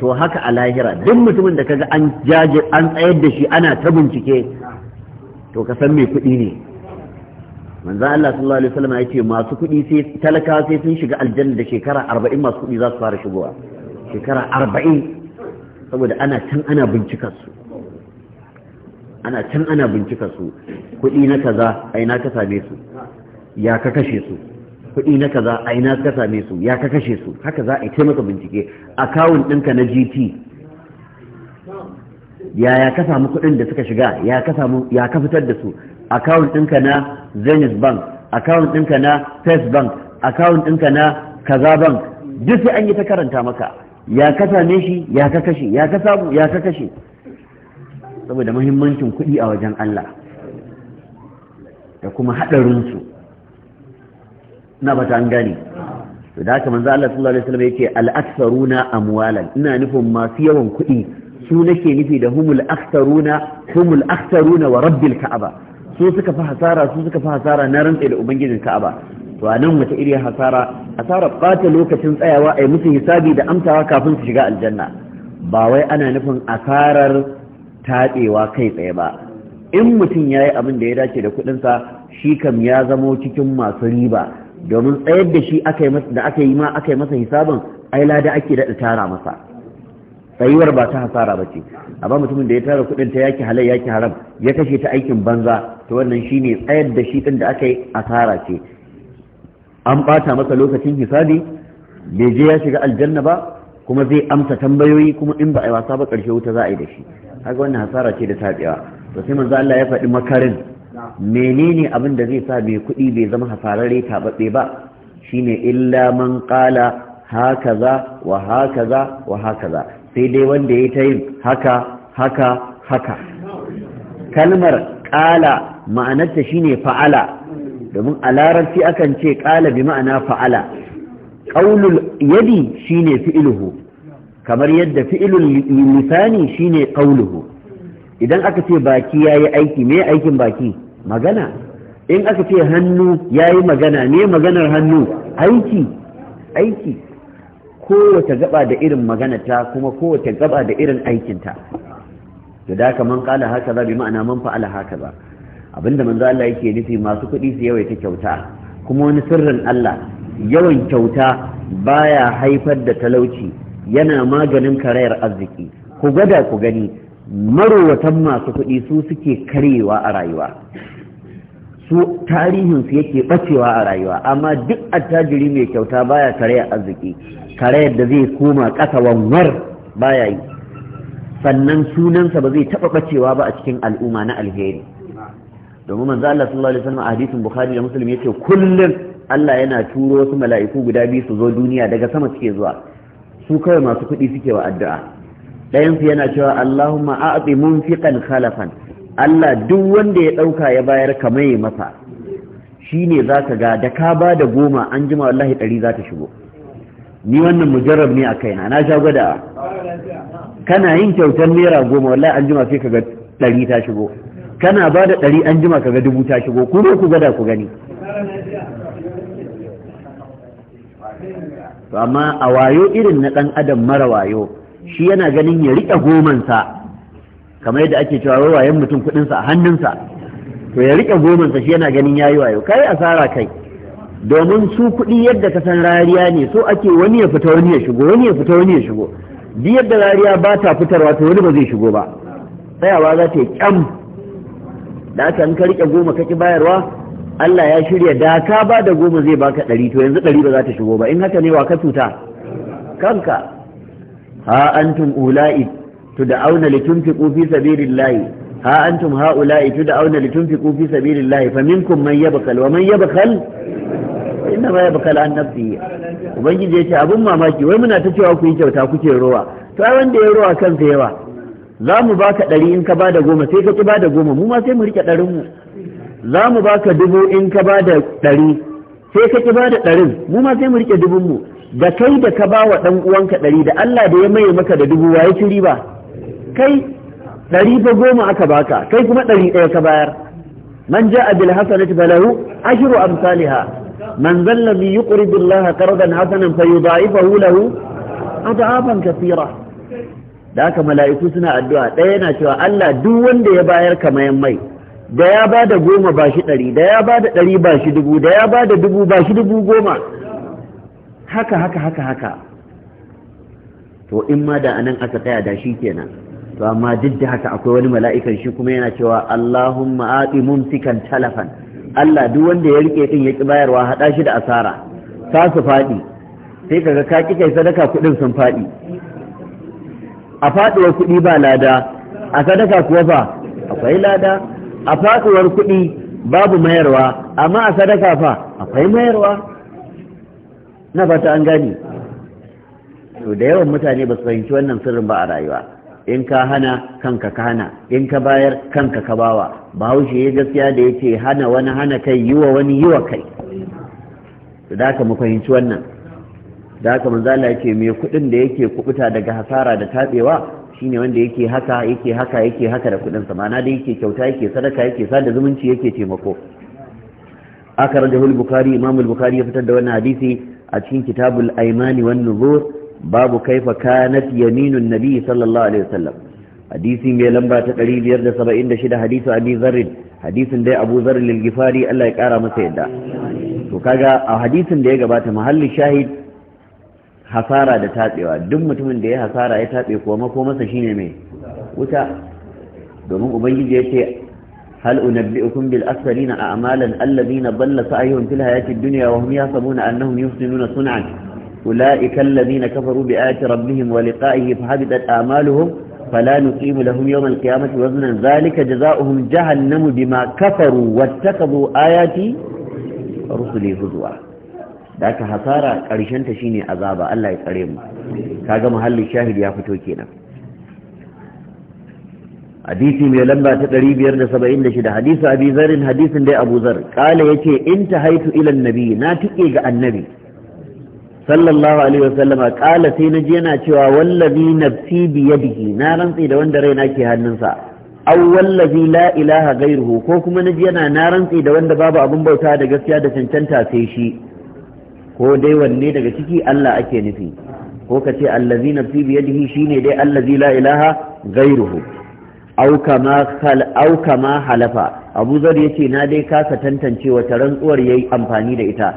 to haka a lahira duk mutumin da kaga an jaje an tsayar da shi ana ta bincike to ka san mai kuɗi ne manzo Allah sallallahu alaihi wasallam ya ce masu kuɗi sai talaka sai sun shiga aljanna da shekara 40 masu kuɗi za su fara shigowa shekara arba'in saboda ana can ana bincikar su ana can ana bincikar su kuɗi na kaza a ina ka same su ya ka kashe su kuɗi na kaza a ina ka same su ya ka kashe su haka za a yi maka bincike akawun ɗinka na gt ya ka samu kuɗin da suka shiga ya ka samu ya ka fitar da su akawun ɗinka na zenith bank akawun ɗinka na first bank akawun ɗinka na kaza bank duk sai an yi ta karanta maka ya ka same shi ya ka kashe ya ka samu ya ka kashe saboda muhimmancin kuɗi a wajen Allah da kuma haɗarinsu na ta an gane to da haka manzo Allah sallallahu alaihi wasallam yake al-aktharuna amwalan ina nufin masu yawan kuɗi su nake nufi da humul aktharuna humul aktharuna wa rabbil ka'aba su suka fi hasara su suka fi hasara na rantsa da ubangijin ka'aba to a nan wata iri hasara hasara bata lokacin tsayawa a yi musu hisabi da amsawa kafin su shiga aljanna ba wai ana nufin asarar taɗewa kai tsaye ba in mutum ya yi abin da ya dace da kuɗinsa shi kam ya zamo cikin masu riba domin tsayar da shi da aka yi ma aka yi masa hisabin ai lada ake daɗa tara masa tsayuwar ba ta hasara ba ce amma mutumin da ya tara kuɗin ta yaki halai yaki haram ya kashe ta aikin banza to wannan shine tsayar da shi ɗin da aka yi asara ce an ɓata masa lokacin hisabi bai je ya shiga aljanna ba kuma zai amsa tambayoyi kuma in ba a yi wasa ba ƙarshe wuta za a yi da shi haka wannan hasara ce da tabewa to sai manzo Allah ya faɗi makarin menene abin da zai sa mai kuɗi bai zama hasararre tababbe ba shine illa man qala hakaza wa hakaza wa hakaza sai dai wanda ya ta yin haka haka haka kalmar ƙala ma'anarta shine fa'ala domin a larabci akan ce ƙala bi ma'ana fa'ala ƙaunul yadi shine fi'iluhu kamar yadda fi'ilul lisani shine ƙauluhu idan aka ce baki ya yi aiki me aikin baki magana in aka ce hannu ya yi magana ne maganar hannu aiki aiki kowace gaba da irin maganata kuma kowace gaba da irin aikinta da da man ƙala haka za bi ma'ana man fa'ala haka ba abinda manzo Allah yake nufi masu kuɗi su yawaita kyauta kuma wani sirrin Allah yawan kyauta baya haifar da talauci yana maganin karayar arziki ku gwada ku gani marowatan masu kuɗi su suke karyewa a rayuwa su tarihinsu yake bacewa a rayuwa amma duk attajiri mai kyauta baya karayar arziki karayar da zai koma ƙasa wanwar baya yi sannan sunansa ba zai taɓa bacewa ba a cikin al'umma na alheri domin manzo Allah sallallahu alaihi wasallam a hadisin Bukhari da Muslim yace kullum Allah yana turo wasu mala'iku guda biyu su zo duniya daga sama suke zuwa su kawai masu kuɗi suke wa addu'a ɗayan su yana cewa Allahumma a'ti munfiqan khalafan Allah duk wanda ya ɗauka ya bayar ka mai masa shine zaka ga da ka ba da goma an jima wallahi ɗari za ta shigo ni wannan mujarrab ne a kaina na sha gwada kana yin kyautar naira goma wallahi an jima sai ka ga ɗari ta shigo kana ba da ɗari an jima kaga dubu ta shigo ku ku gada ku gani to amma a wayo irin na ɗan adam mara wayo shi yana ganin ya riƙe gomansa kamar yadda ake cewa wayan mutum kuɗinsa a hannunsa to ya riƙe gomansa shi yana ganin yayi wayo kai asara kai domin su kuɗi yadda ka san rariya ne so ake wani ya fita wani ya shigo wani ya fita wani ya shigo duk yadda rariya ba ta fitarwa to wani ba zai shigo ba tsayawa za ta yi da aka in ka rike goma kake bayarwa Allah ya shirya da ka ba da goma zai baka ɗari to yanzu ɗari ba za ta shigo ba in haka ne wa ka cuta kanka ha antum ula'i tud'auna litunfiqu fi sabilillahi ha antum haula'i tud'auna litunfiqu fi sabilillahi faminkum man yabkhal wa man yabkhal inna ma yabkhal an nafsihi ubangiji ya ce abun mamaki wai muna ta cewa ku yi kyauta kuke rowa to ai wanda ya rowa kansa yawa za mu baka ɗari in ka bada goma sai ka ki bada goma mu ma sai mu riƙe ɗarinmu. za mu baka dubu in ka bada ɗari sai ka ki bada ɗarin mu ma sai mu riƙe dubun da kai da ka bawa ɗan uwanka ɗari da Allah da ya maye maka da dubu waye ci riba kai ɗari fa goma aka baka kai kuma ɗari ɗaya ka bayar man ja'a bil hasanati falahu ashru amsalha man dhalla bi yuqridu Allah qardan hasanan fayudha'ifahu lahu ad'afan kathira da haka mala'iku suna addu'a ɗaya yana cewa Allah duk wanda ya bayar kamayan mai da ya ba da goma ba shi ɗari da ya ba da ɗari ba shi dubu da ya ba da dubu ba shi dubu goma haka haka haka haka to in ma da anan aka tsaya da shi kenan to amma duk da haka akwai wani mala'ikan shi kuma yana cewa Allahumma ati mumsikan talafan Allah duk wanda ya rike din ya ki bayarwa hada shi da asara Sa su faɗi sai kaga ka kike kai sadaka kuɗin sun faɗi a faɗuwar kuɗi ba lada a sadaka kuwa ba akwai lada a faduwar kuɗi babu mayarwa amma a sadaka fa akwai mayarwa na fata an gani to da yawan mutane ba su fahimci wannan sirrin ba a rayuwa in ka hana kanka ka hana in ka bayar kanka ka bawa bahaushe ya gaskiya da yake hana wani hana kai yiwa wani yiwa kai da haka mu fahimci wannan da haka manzo Allah yake mai kuɗin da yake kubuta daga hasara da tabewa shine wanda yake haka yake haka yake haka da kudin sa ma'ana da yake kyauta yake sadaka yake sada zumunci yake taimako akarajahu al-bukhari imam al-bukhari ya fitar da wannan hadisi a cikin kitabul aymani wan nuzur babu kaifa kanat yaminun nabi sallallahu alaihi wasallam hadisi mai lamba ta 576 hadisi abi zarrin hadisin dai abu zarrin al gifari Allah ya kara masa yadda to kaga a hadisin da ya gabata mahallin shahid hasara da tatsewa duk mutumin da ya hasara ya taɓe kuwa makomarsa shine mai wuta domin ubangiji ya ce hal unabbi'ukum bil asfarina a'malan alladhina dalla sa'yuhum fil hayati dunya wa hum yahsabuna annahum yuhsinuna sun'an ulaika alladhina kafaru bi ayati rabbihim wa liqa'ihi fahabitat a'maluhum fala nuqimu lahum yawm al qiyamati waznan dhalika jazaohum jahannamu bima kafaru wattakabu ayati rusuli huzwa da aka hasara ƙarshenta shine azaba Allah ya tsare mu kaga muhallin shahid ya fito kenan hadisi mai lamba ta 576 hadisi abi zarin hadisin dai abu zar kala yace in ta haitu ila annabi na tike ga annabi sallallahu alaihi wasallama kala sai na je yana cewa wallazi nafsi bi yadihi na rantsi da wanda raina ke hannunsa aw wallazi la ilaha ghairuhu ko kuma naji yana na rantsi da wanda babu abun bauta da gaskiya da cancanta sai shi ko dai wanne daga ciki Allah ake nufi ko ka ce allazi nafsi bi shi ne dai allazi la ilaha gairuhu aw kama halafa Abu Zar ce na dai kasa tantance wata rantsuwar ya yi amfani da ita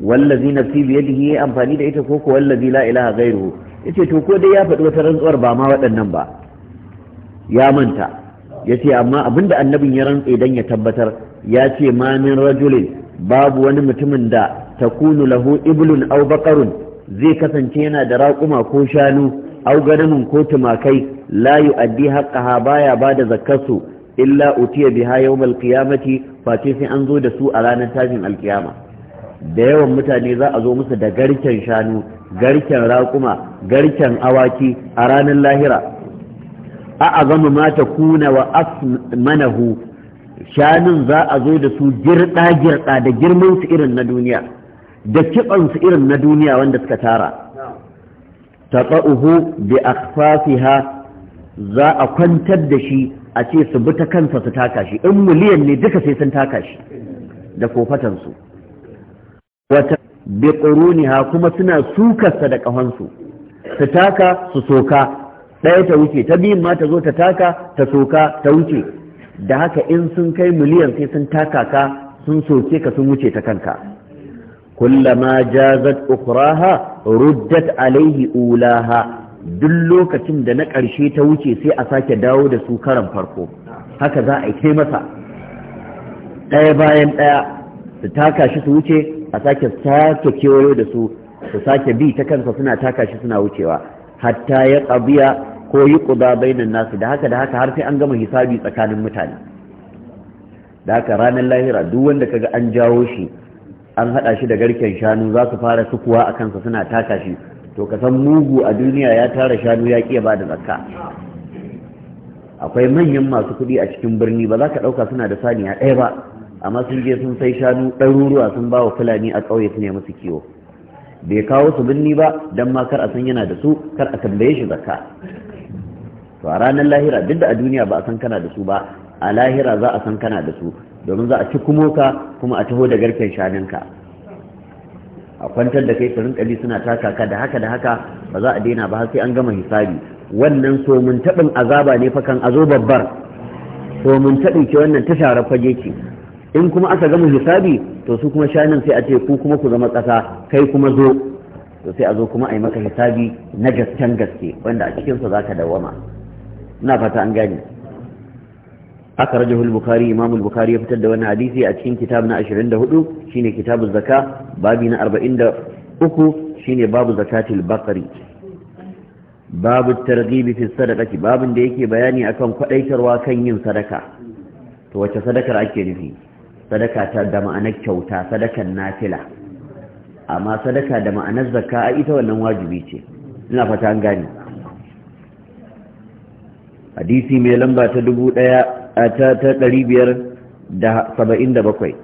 wallazi da bi ya yi amfani da ita ko ko wallazi la ilaha ya ce to ko dai ya faɗi wata rantsuwar ba ma waɗannan ba ya manta Ya ce amma abinda annabin ya rantse don ya tabbatar ya ce ma min rajulin babu wani mutumin da takunu lahu iblun au baqarun zai kasance yana da raƙuma ko shanu au ganamun ko tumakai la yu'addi haqqaha baya ba da zakkarsu illa utiya biha yawmal qiyamati face sai an zo da su a ranar tashin alkiyama da yawan mutane za a zo musu da garken shanu garken raƙuma garken awaki a ranar lahira a azamu ma kuna wa asmanahu shanun za a zo da su girɗa girɗa da girman su irin na duniya da kitson su irin na duniya wanda suka tara taqa'uhu bi akfafiha za a kwantar da shi a ce su bi ta kansa su taka shi in miliyan ne duka sai sun taka shi da kofatansu wata bi kuma suna sukarsa da ƙahonsu. su taka su soka ɗaya ta wuce ta biyun ma ta zo ta taka ta soka ta wuce da haka in sun kai miliyan sai sun taka ka sun soke ka sun wuce ta kanka kullama jazat ukraha ruddat alaihi ulaha duk lokacin da na ƙarshe ta wuce sai a sake dawo da su karan farko haka za a yi kai masa ɗaya bayan ɗaya su taka shi su wuce a sake sake kewayo da su su sake bi ta kansa suna taka shi suna wucewa hatta ya ƙabiya ko yi ƙuda bainan nasu da haka da haka har sai an gama hisabi tsakanin mutane da haka ranar lahira duk wanda kaga an jawo shi an haɗa shi da garken shanu za su fara sukuwa a kansa suna taka shi to ka san mugu a duniya ya tara shanu ya ƙiya ba da zakka akwai manyan masu kuɗi a cikin birni ba za ka ɗauka suna da saniya ɗaya ba amma sun je sun sai shanu ɗaruruwa sun ba wa fulani a ƙauye su ne musu kiwo bai kawo su birni ba don ma kar a san yana da su kar a tambaye shi zakka to a ranar lahira duk da a duniya ba a san kana da su ba a lahira za a san kana da su domin za a ci kumo ka kuma a taho da garken shanunka a kwantar da kai su rinka bi suna taka ka da haka da haka ba za a daina ba sai an gama hisabi wannan mun taɓin azaba ne fakan azo babbar mun taɓin ce wannan ta share fage ce in kuma aka gama hisabi to su kuma shanin sai a ce ku kuma ku zama ƙasa kai kuma zo to sai a zo kuma a yi maka hisabi na gasken gaske wanda a cikinsa za ka dawama ina fata an gane aka raja bukari imam bukari ya fitar da wani hadisi a cikin kitab na 24 shine kitab zaka babi na 43 shine babu zakatil bakari babu targhibi fi sadaqati babin da yake bayani akan kwadaitarwa kan yin sadaka to wace sadakar ake nufi sadaka ta da ma'anar kyauta sadakar nafila amma sadaka da ma'anar zakka ita wannan wajibi ce ina fata an gane hadisi mai lamba ta dubu ɗaya a ta ta biyar da saba'in da bakwai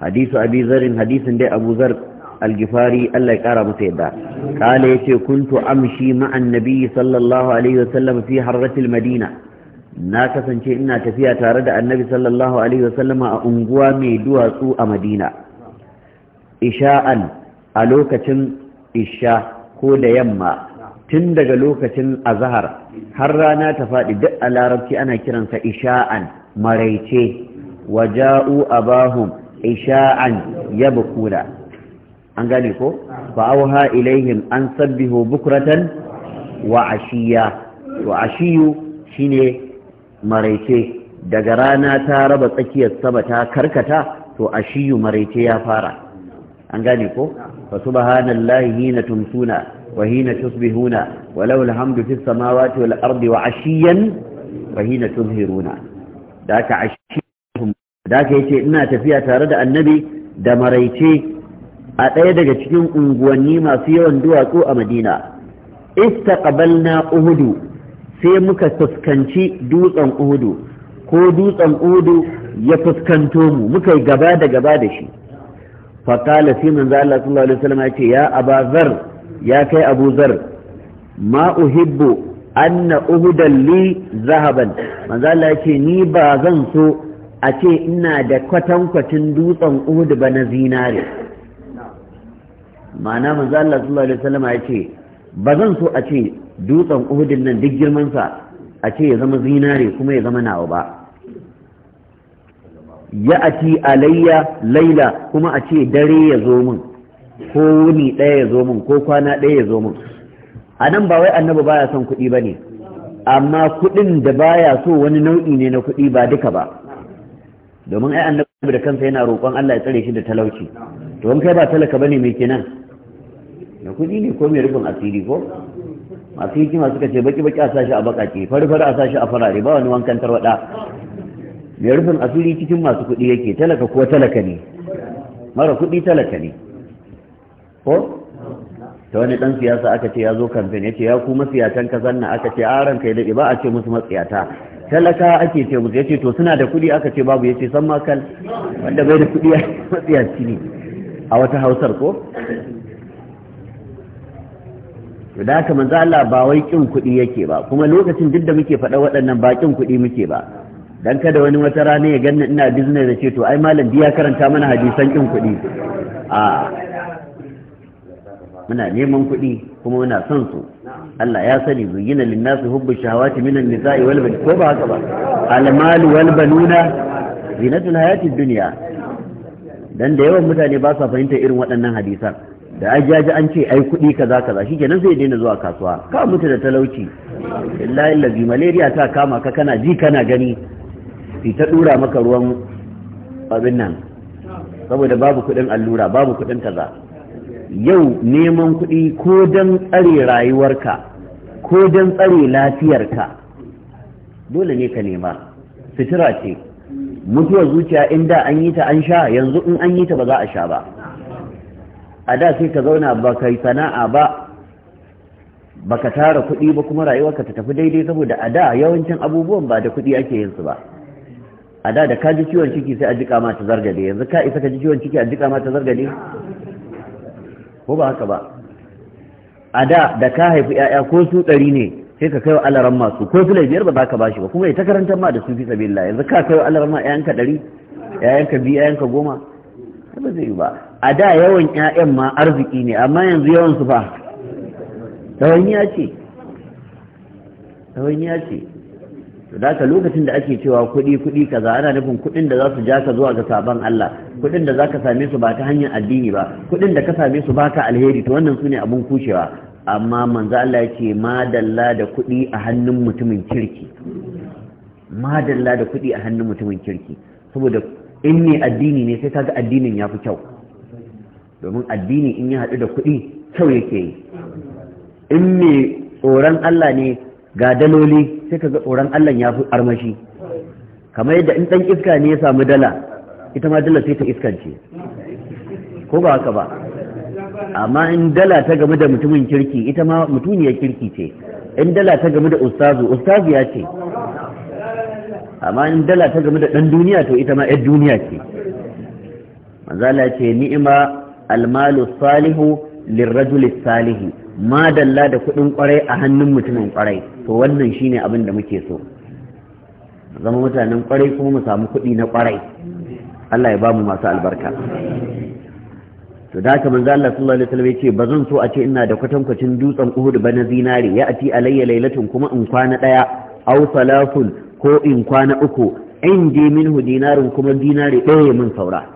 hadisu abi zarin hadisin dai abu zar algifari allah ya ƙara masa yadda ƙala ya ce kuntu amshi ma'an nabi sallallahu alaihi wasallam fi harratil madina na kasance ina tafiya tare da annabi sallallahu alaihi wasallam a unguwa mai duwatsu a madina isha'an a lokacin isha ko da yamma tun daga lokacin azahar har rana ta faɗi duk a larabci ana kiransa isha'an maraice wa ja'u abahum isha'an yabkuna an gane ko fa auha ilaihim an sabbihu bukratan wa ashiya wa ashiyu shine maraice daga rana ta raba tsakiyar saba ta karkata to ashiyu maraice ya fara an gane ko fa subhanallahi hina tumsuna وحين تصبحون وله الحمد في السماوات والأرض وعشيا وحين تظهرون ذاك عشيهم ذاك يتي إنا تفيا تارد النبي دمريتي أتيد جتكم أنقواني ما فيه واندواكو أمدينة استقبلنا أهدو sai muka fuskanci dutsen uhudu ko dutsen uhudu ya fuskanto mu muka yi gaba da gaba da shi faƙala sai manzo Allah sallallahu alaihi wasallam ya ce ya abazar ya kai abu zar ma uhibbu anna uhudan li zahaban manzo Allah yace ni ba zan so a ce ina da kwatankwacin dutsen uhud ba na zinare ma'ana manzo Allah sallallahu alaihi wasallam yace ba zan so a ce dutsen uhudin nan duk girman sa a ce ya zama zinare kuma ya zama nawa ba ya ati alayya laila kuma a ce dare ya zo mun ko wuni ɗaya ya zo mun ko kwana ɗaya ya zo mun a nan ba wai annabi baya son kuɗi ba ne amma kuɗin da baya so wani nau'i ne na kuɗi ba duka ba domin ai annabi da kansa yana roƙon Allah ya tsare shi da talauci to in kai ba talaka bane mai kenan da kuɗi ne ko mai rufin asiri ko masu hikima suka ce baki baki a sashi a bakaki fari fari a sashi a farare ba wani wankan tarwaɗa. mai rufin asiri cikin masu kuɗi yake talaka ko talaka ne mara kuɗi talaka ne ko ta wani dan siyasa aka ce ya zo kamfen ya ce ya kuma siyatan ka zanna aka ce aran kai daɗe ba a ce musu matsiyata talaka ake ce musu ya ce to suna da kuɗi aka ce babu ya ce san makal wanda bai da kuɗi matsiyaci ne a wata hausar ko da haka manzo Allah ba wai kin kuɗi yake ba kuma lokacin duk da muke faɗa waɗannan ba kin kuɗi muke ba dan kada wani wata rana ya ganna ina business da ce to ai malam biya karanta mana hadisan kin kuɗi a muna neman kuɗi kuma muna son su Allah ya sani zuyina linnasi hubbu shahawati minan nisa'i wal bani ko ba haka ba almal wal banuna zinatul hayatid dunya dan da yawan mutane ba sa fahimta irin waɗannan hadisan da ajaji an ce ai kuɗi kaza kaza shikenan zai daina zuwa kasuwa ka mutu da talauci billahi lazi malaria ta kama ka kana ji kana gani Sai ta dura maka ruwan abin nan saboda babu kuɗin allura babu kuɗin kaza yau neman kuɗi ko don tsare rayuwarka ko don tsare lafiyarka dole ne ka nema fitira ce mutuwar zuciya in da an yi ta an sha yanzu in an yi ta ba za a sha ba a da sai ka zauna ba ka yi sana'a ba ba ka tara kuɗi ba kuma rayuwarka ta tafi daidai saboda a da yawancin abubuwan ba da kuɗi ake yin su ba a da da ka ji ciwon ciki sai a jika ma ta zargade yanzu ka isa ka ji ciwon ciki a jika ma ta zargade ko ba haka ba a da da ka haifi ‘ya'ya ko su ɗari ne sai ka kaiwa alaran masu ko su laifiyar ba za ka bashi ba kuma ya takaranta ma da su fi Allah yanzu ka kaiwa alaran ma ‘ya'yanka ɗari ‘ya'yanka biyu ‘ya'yanka goma ba zai yi ba a da yawan ‘ya'yan ma arziki ne amma yanzu yawan su ba tawaniya ce tawaniya ce to da lokacin da ake cewa kuɗi kuɗi kaza ana nufin kuɗin da za su ja ka zuwa ga sabon Allah kuɗin da zaka same su ba ta hanyar addini ba kuɗin da ka same su baka alheri to wannan su ne abun kushewa amma manzo Allah ya ce madalla da kuɗi a hannun mutumin kirki madalla da kuɗi a hannun mutumin kirki saboda in ne addini ne sai kaga addinin ya fi kyau domin addini in ya haɗu da kuɗi kyau yake yi in ne tsoron Allah ne ga daloli sai kaga tsoron Allah ya fi armashi kamar yadda in ɗan iska ne ya samu dala ita ma dala sai ta iskance ko ba haka ba amma in dala ta game da mutumin kirki ita ma mutuniyar kirki ce in dala ta game da ustazu ustazu ya ce amma in dala ta game da dan duniya to ita ma yar duniya ce manzala ce ni'ima almalu salihu lirrajul salihi ma dalla da kudin kwarai a hannun mutumin kwarai to wannan shine abin da muke so zama mutanen kwarai kuma mu samu kudi na kwarai Allah ya bamu masu albarka to da haka manzo Allah sallallahu alaihi wasallam yace bazan so a ce ina da kwatankwacin dutsen Uhud ba na zinare ya ati alayya lailatun kuma in kwana daya aw salafun ko in kwana uku in je minhu dinarin kuma dinari ɗaya min saura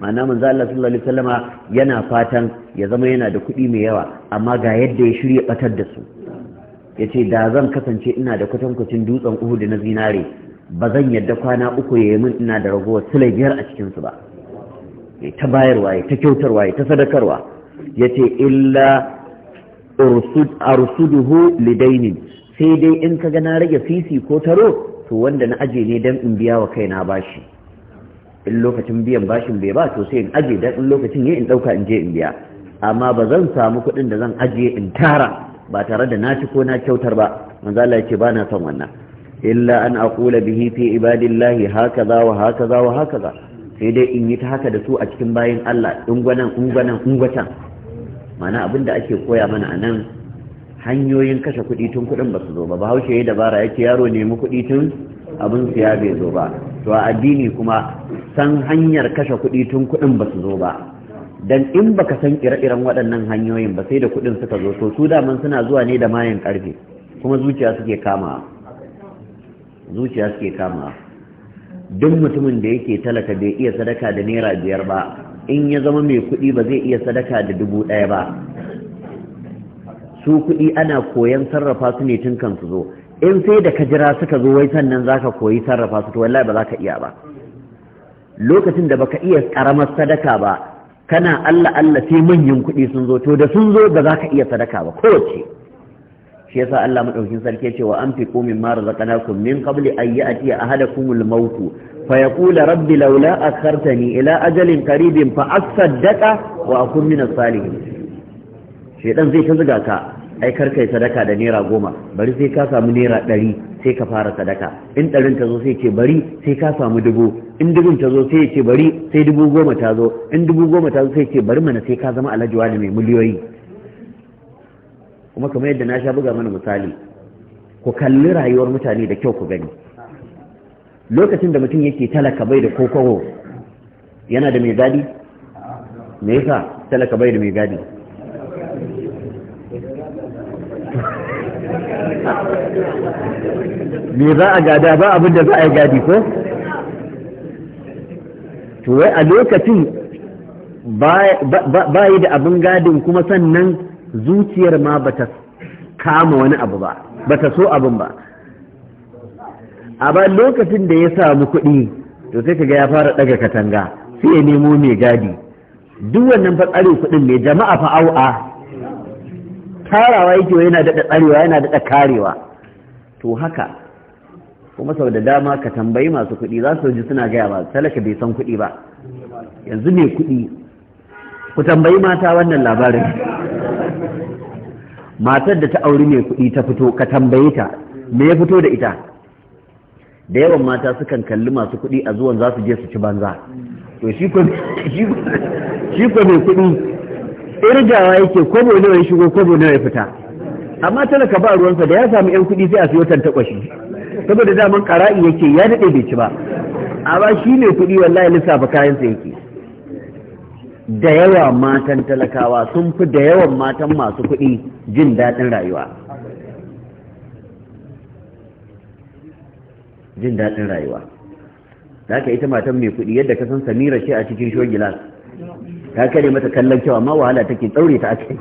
ma'ana manzo Allah sallallahu alaihi wasallama yana fatan ya zama yana da kuɗi mai yawa amma ga yadda ya shirya batar da su yace da zan kasance ina da kwatankwacin dutsen Uhud na zinari. ba zan yadda kwana uku ya yi min ina da ragowar sulai biyar a cikinsu ba ya ta bayarwa ya ta kyautarwa ya ta sadakarwa ya ce illa a arsuduhu lidainin sai dai in ka na rage fisi ko taro to wanda na aje ne don in biya wa kai na bashi in lokacin biyan bashin bai ba to sai in aje don in lokacin ya in ɗauka in je in biya amma ba zan samu kuɗin da zan ajiye in tara ba tare da na ci ko na kyautar ba manzo ya ce ba na son wannan إلا an أقول bihi في ibadillahi الله wa وهكذا wa sai dai in yi ta haka da su a cikin bayan Allah ungwanan ungwanan ungwatan mana abin da ake koya mana a nan hanyoyin kashe kuɗi tun kuɗin ba su zo ba bahaushe ya dabara yake yaro nemi kuɗi tun abin siya bai zo ba to a addini kuma san hanyar kashe kuɗi tun kuɗin ba su zo ba dan in baka san ire-iren waɗannan hanyoyin ba sai da kuɗin suka zo to su daman suna zuwa ne da mayan ƙarfe kuma zuciya suke kama zuciya suke kama duk mutumin da yake talaka bai iya sadaka da naira biyar ba in ya zama mai kuɗi ba zai iya sadaka da dubu ɗaya ba su kuɗi ana koyan sarrafa su ne tun kan zo in sai da ka jira suka zo wai sannan za ka koyi sarrafa su to ba za ka iya ba lokacin da baka iya karamar sadaka ba kana Allah Allah sai manyan kuɗi sun zo to da sun zo ba za ka iya sadaka ba kowace shi yasa Allah madaukakin sarki yace wa anfiqu mimma razaqnakum min qabli an ya'tiya ahadakumul maut fa yaqula rabbi laula akhartani ila ajalin qaribin fa asaddaqa wa akun minas salihin shedan zai ta zuga ka ai karkai sadaka da naira goma bari sai ka samu naira ɗari sai ka fara sadaka in ɗarin ta zo sai ce bari sai ka samu dubu in dubun ta zo sai ce bari sai dubu goma ta zo in dubu goma ta zo sai ce bari mana sai ka zama alhaji wani mai miliyoyi kuma kamar yadda na sha buga mana misali ku kalli rayuwar mutane da kyau ku gani lokacin da mutum yake talaka bai da kokowo yana da mai gadi me yasa talaka bai da mai gadi me za a gada ba abin da za a yi gadi ko to wai a lokacin ba yi da abin gadin kuma sannan zuciyar ma ba ta kama wani abu ba ba ta so abin ba A ba lokacin da ya samu kuɗi to sai kaga ya fara ɗaga katanga sai ya nemo mai gadi duk wannan fa tsare kuɗin mai jama'a fa au'a tarawa yake yana daɗa tsarewa yana daɗa karewa to haka kuma sau da dama ka tambayi masu kuɗi za su ji suna gaya ba talaka bai san kuɗi ba yanzu ne kuɗi ku tambayi mata wannan labarin matar da ta auri mai kuɗi ta fito ka tambaye ta me ya fito da ita da yawan mata sukan kalli masu kuɗi a zuwan za su je su ci banza to shi ko mai kuɗi irgawa yake kwabo nawa ya shigo kwabo nawa ya fita amma talaka ba ruwansa da ya samu yan kuɗi sai a siyo tan saboda saboda daman ƙara'i yake ya daɗe bai ci ba amma shi ne kuɗi wallahi lissafa kayansa yake da yawa matan talakawa sun fi da yawan matan masu kuɗi jin daɗin rayuwa jin daɗin rayuwa da aka ita matan mai kuɗi yadda ka san samira ce a cikin shogilas ta kare mata kallon cewa ma wahala take tsaure ta ake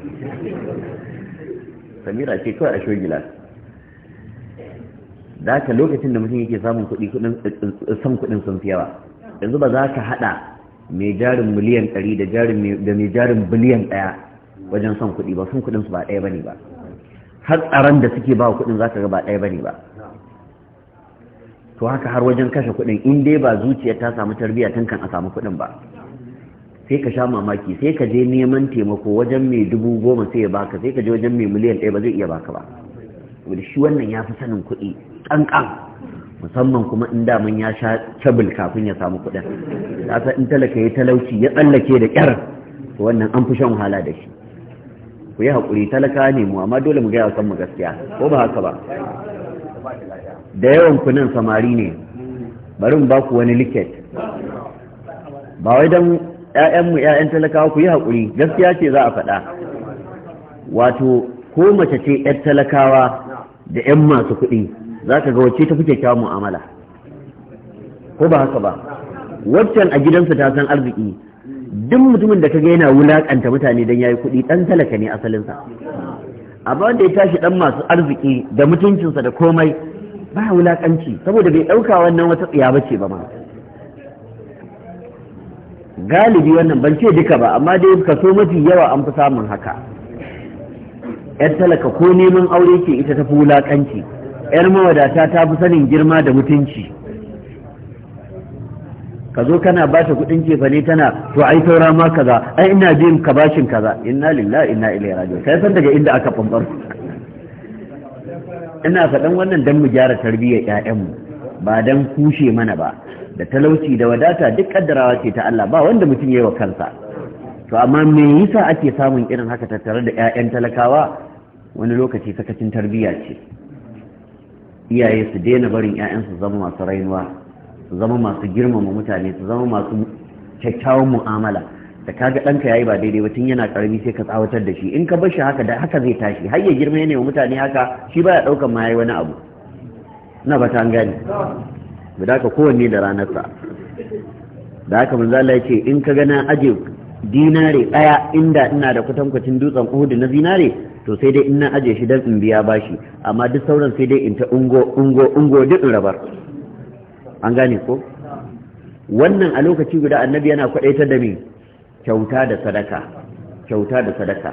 samira ce kawai a shogilas da aka lokacin da mutum yake samun kuɗi kuɗin eh, eh, eh, san kuɗin sun fi yawa yanzu ba za ka haɗa mai jarin miliyan ɗari da mai jarin biliyan ɗaya wajen son kuɗi ba sun kuɗinsu ba ɗaya bane ba har tsaron da suke ba kuɗin za ka ga ba ɗaya bane ba to haka har wajen kashe kuɗin in dai ba zuciya ta samu tarbiyya tun kan a samu kuɗin ba sai ka sha mamaki sai ka je neman taimako wajen mai dubu goma sai ya baka sai ka je wajen mai miliyan ɗaya ba zai iya baka ba saboda shi wannan ya fi sanin kuɗi ƙanƙan musamman kuma in da daman ya sha cabil kafin ya samu kuɗin ta in talaka ya talauci ya tsallake da ƙyar wannan an fi shan wahala da shi ku yi haƙuri talaka ne mu amma dole mu gaya kan mu gaskiya ko ba haka ba da yawan ku nan samari ne bari mu ba wani liket ba wai don ƴaƴanmu ƴaƴan talakawa ku yi haƙuri gaskiya ce za a faɗa wato ko mace ce ƴar talakawa da ƴan masu kuɗi za ka ga wacce ta fi kyakkyawar mu'amala ko ba haka ba waccan a gidansa ta san arziki duk mutumin da kaga yana wulakanta mutane don yayi kuɗi ɗan talaka ne asalinsa amma wanda ya tashi dan masu arziki da mutuncinsa da komai ba wulakanci saboda bai ɗauka wannan wata tsiya ba ce ba ma galibi wannan ban ce duka ba amma dai kaso mafi yawa an fi samun haka yar talaka ko neman aure ce ita ta fi wulakanci 'yar mawadata ta fi sanin girma da mutunci ka zo kana ba ta kuɗin cefane tana to ai saura ma kaza ai ina jin ka bashin kaza inna lillahi inna ilaihi raji'un kai san daga inda aka fambar ina faɗan wannan dan mu gyara tarbiyyar ƴaƴanmu ba dan kushe mana ba da talauci da wadata duk kaddarawa ce ta Allah ba wanda mutum yayi wa kansa to amma me yasa ake samun irin haka tattare da 'ya'yan talakawa wani lokaci sakacin tarbiyya ce iyaye su daina barin 'ya'yansu zama masu rainuwa su zama masu girmama mutane su zama masu kyakkyawan mu'amala da kaga ɗanka yayi ba daidai ba tun yana karami sai ka tsawatar da shi in ka bar shi haka da haka zai tashi har ya girma yana wa mutane haka shi baya ɗaukar ma yayi wani abu na ba ta gani. ba da kowanne da ranarsa da haka manzo ce, in ka ga na aje dinare ɗaya, inda ina da kwatankwacin dutsen uhudu na zinare to sai dai in na aje shi dan in biya bashi amma duk sauran sai dai in ta ungo ungo ungo duk in rabar an gane ko wannan a lokaci guda annabi yana kwadaitar da me kyauta da sadaka kyauta da sadaka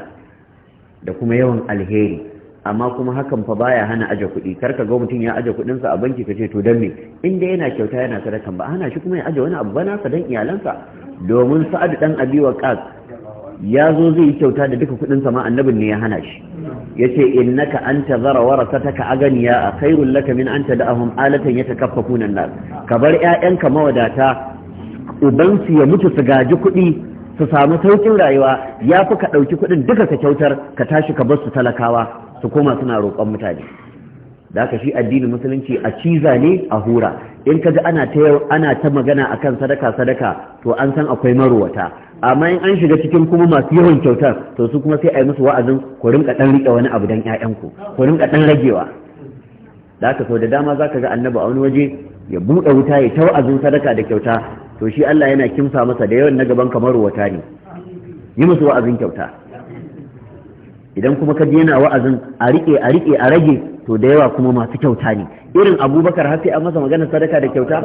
da kuma yawan alheri amma kuma hakan fa baya hana aje kuɗi kar ka ga mutum ya aje kuɗinsa a banki ka ce to dan me inda yana kyauta yana sadakan ba hana shi kuma ya aje wani abu ba sa dan iyalansa domin sa'ad dan abi waqas ya zo zai yi kyauta da duka kudin sama annabin ne ya hana shi Ya ce yace innaka anta zara ka aganiya a kai laka min anta ahun alatan kafa kunan nan ka bar ƴaƴanka mawadata uban su ya mutu su gaji kuɗi su samu sauƙin rayuwa ya fi ka ɗauki kuɗin duka ka kyautar ka tashi ka bar su talakawa su koma suna roƙon mutane da haka shi addinin musulunci a ciza ne a hura in ka ji ana ta magana a magana akan sadaka sadaka to an san akwai maruwata amma in an shiga cikin kuma masu yawan kyauta, to su kuma sai a yi musu wa'azin ku rinka dan rike wani abu dan ƴaƴanku ku rinka dan ragewa da haka sau da dama zaka ga annabi a wani waje ya buɗe wuta ya ta wa'azin sadaka da kyauta to shi Allah yana kimsa masa da yawan na gaban kamar wata ne yi musu wa'azin kyauta idan kuma ka yana wa'azin a rike a rike a rage to da yawa kuma masu kyauta ne irin abubakar har sai an masa magana sadaka da kyauta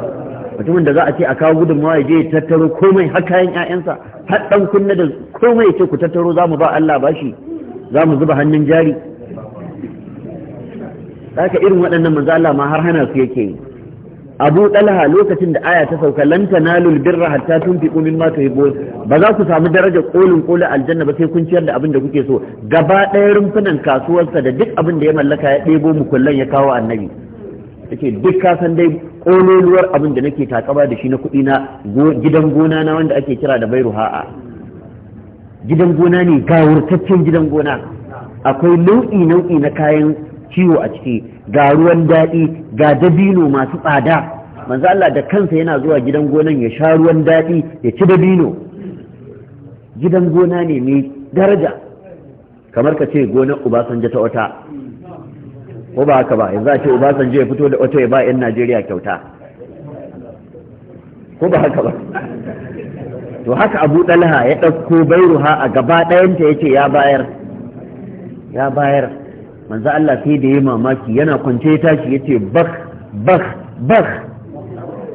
mutumin da za a ce a kawo gudunmawa ya je ya tattaro komai har kayan ƴaƴansa har dan kunna da komai ya ce ku tattaro za mu ba Allah bashi za mu zuba hannun jari haka irin waɗannan manzo Allah ma har hana su yake yi Abu Talha lokacin da aya ta sauka lan tanalul birra hatta tunfiqu mimma tuhibbun ba za ku samu darajar kolin kolin aljanna ba sai kun ciyar da abin da kuke so gaba ɗaya rumfunan kasuwarsa da duk abin da ya mallaka ya ɗebo mukullan ya kawo annabi take duk ka dai kololuwar abin da nake takaba da shi na kuɗi na gidan gona na wanda ake kira da bairu ha'a gidan gona ne gawurtaccen gidan gona akwai nau'i nau'i na kayan ciwo a ciki ga ruwan daɗi ga dabino masu tsada manzo Allah da kansa yana zuwa gidan gonan ya sha ruwan daɗi ya ci dabino gidan gona ne mai daraja kamar ka ce gonar Obasanjo ta wata ko ba haka ba yanzu a ce obasanjo ya fito da wata ya ba 'yan najeriya kyauta ko ba haka ba to haka abu dalha ya ɗauko ha a gaba ɗayanta ya ce ya bayar ya bayar manzo Allah sai da ya mamaki yana kwance ya tashi ya ce bak bak bak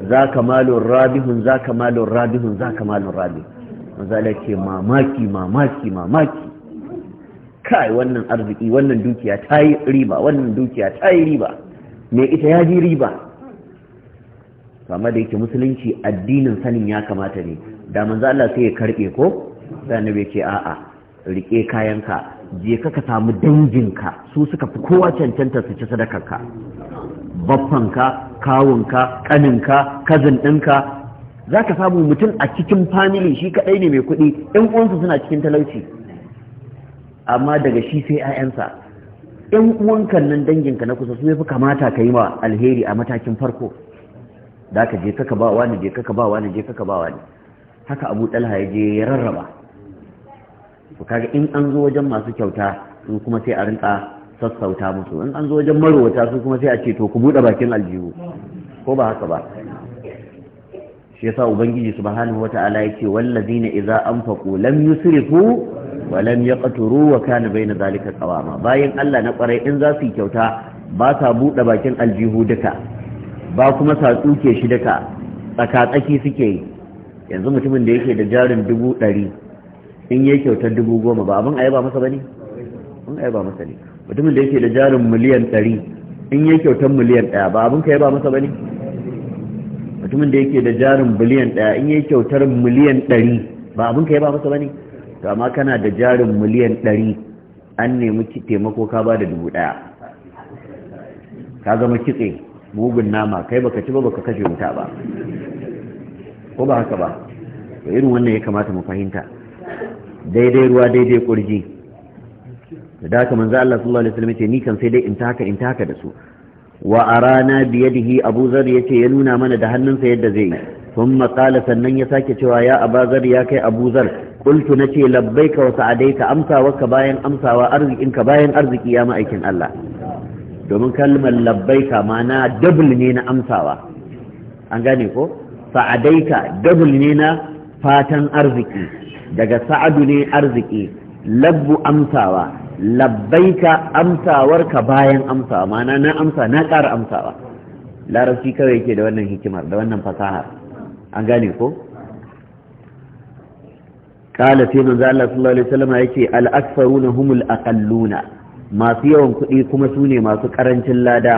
za ka malon rabihun za ka malon rabihun za ka malon rabihun manzo Allah ce mamaki mamaki mamaki kai wannan arziki wannan dukiya ta yi riba wannan dukiya ta yi riba me ita ya ji riba amma da yake musulunci addinin sanin ya kamata ne da manzo Allah sai ya karbe ko sai annabi ce a'a rike kayanka je ka ka samu danginka su suka fi kowa cancanta su ci sadakarka ka, kawunka ka, kazin ɗinka za ka samu mutum a cikin family shi kadai ne mai kuɗi ɗan uwansu suna cikin talauci amma daga shi sai 'ya'yansa yan uwanka nan danginka na kusa su yafi kamata ka yi wa alheri a matakin farko da ka je kaka ba wani je kaka ba wani je kaka ba wani haka abu talha ya je ya rarraba to kaga in an zo wajen masu kyauta su kuma sai a rinka sassauta musu in an zo wajen marowata su kuma sai a ce to ku buɗe bakin aljihu ko ba haka ba shi yasa ubangiji subhanahu wata'ala yake wallazina idza anfaqu lam yusrifu walam yaqturu wa kana bayna zalika qawama bayan Allah na kwarai in za su yi kyauta ba sa buɗe bakin aljihu duka ba kuma sa tsuke shi duka tsaka tsaki suke yi yanzu mutumin da yake da jarin dubu ɗari in yi kyautar dubu goma ba abin ayaba masa ba ne abin ayaba masa ne mutumin da yake da jarin miliyan ɗari in yi kyautar miliyan ɗaya ba abin ka yaba masa ba ne mutumin da yake da jarin biliyan ɗaya in yi kyautar miliyan ɗari ba abin ka yaba masa ba ne to amma kana da jarin miliyan ɗari an nemi taimako ka ba da dubu ɗaya ka zama kitse mugun nama kai baka ci ba baka kashe wuta ba ko ba haka ba to irin wannan ya kamata mu fahimta daidai ruwa daidai kurji da haka manzo Allah sallallahu alaihi wasallam ce ni kan sai dai in ta haka in ta haka da su wa arana yadihi abu zar yace ya nuna mana da hannunsa yadda zai yi kuma kala sannan ya sake cewa ya abazar ya kai abu zar qultu nace labbaika wa sa'adaita amsawarka bayan amsawa ka bayan arziki ya aikin Allah domin kalmar labbaika ma'ana double ne na amsawa an gane ko sa'adaita double ne na fatan arziki daga sa'adu ne arziki labbu amsawa labbaika amsawarka bayan amsawa ma'ana na amsa na ƙara amsawa larabci kawai yake da wannan hikimar da wannan fasahar an gane ko kala sai manzo Allah sallallahu alaihi wasallam yake al aktharuna humul aqalluna masu yawan kuɗi kuma su ne masu karancin lada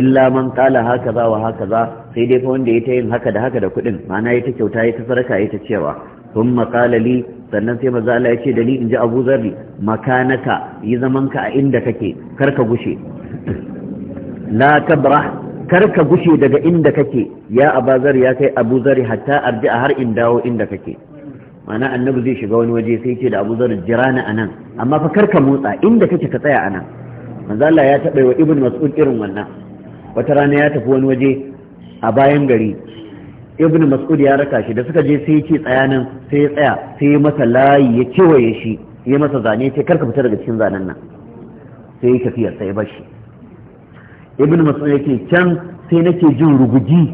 illa man kala haka za wa haka za sai dai fa wanda ya ta yin haka da haka da kuɗin ma'ana ya ta kyauta ya ta sarka ya ta cewa sun makala li sannan sai maza Allah ya ce da ni in ji abu zarri makanaka yi zamanka a inda kake ka gushe la kabra kar ka gushe daga inda kake ya abazar ya kai abu zarri hatta arji har in dawo inda kake ma'ana annabi zai shiga wani waje sai ce da abu zarar jira ni anan amma fa karka motsa inda kake ka tsaya anan manzo Allah ya taɓa wa ibn mas'ud irin wannan wata rana ya tafi wani waje a bayan gari ibn mas'ud ya raka shi da suka je sai ce tsaya nan sai ya tsaya sai ya masa layi ya kewaye shi ya masa zane ce karka fita daga cikin zanen nan sai ya tafiya sai ya bar shi ibn mas'ud yake can sai nake jin ruguji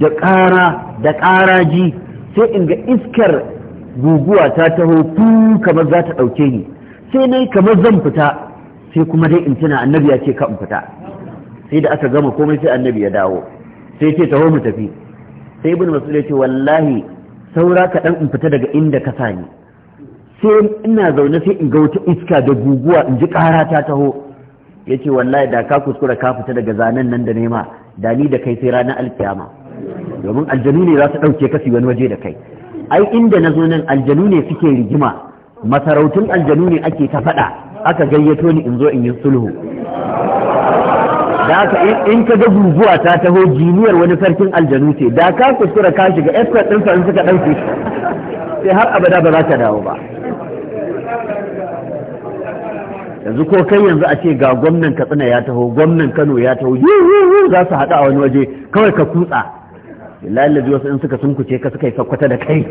da ƙara da ƙaraji sai in ga iskar guguwa ta taho tun kamar za ta ɗauke ni sai nai kamar zan fita sai kuma dai in tuna annabi ya ce ka in fita sai da aka gama komai sai annabi ya dawo sai ce taho mu tafi sai ibn mas'ud ya ce wallahi saura kaɗan in fita daga inda ka sani, sai ina zaune sai in ga wata iska da guguwa in ji ƙara ta taho ya ce wallahi da ka kuskura ka fita daga zanen nan da nema da ni da kai sai ranar alkiyama domin aljanu ne za su ɗauke kasi wani waje da kai ai inda na zo nan aljanu ne suke rigima masarautun aljanu ne ake ta faɗa aka gayyato ni in zo in yi sulhu da in ka ga guguwa ta taho jiniyar wani sarkin aljanu ce da ka kuskura ka shiga escort ɗinsa in suka ɗauke sai har abada ba za ka dawo ba yanzu ko kai yanzu a ce ga gwamnan katsina ya taho gwamnan kano ya taho yi za su haɗu a wani waje kawai ka kutsa lalaji wasu in suka sunkuce ka suka yi sakwata da kai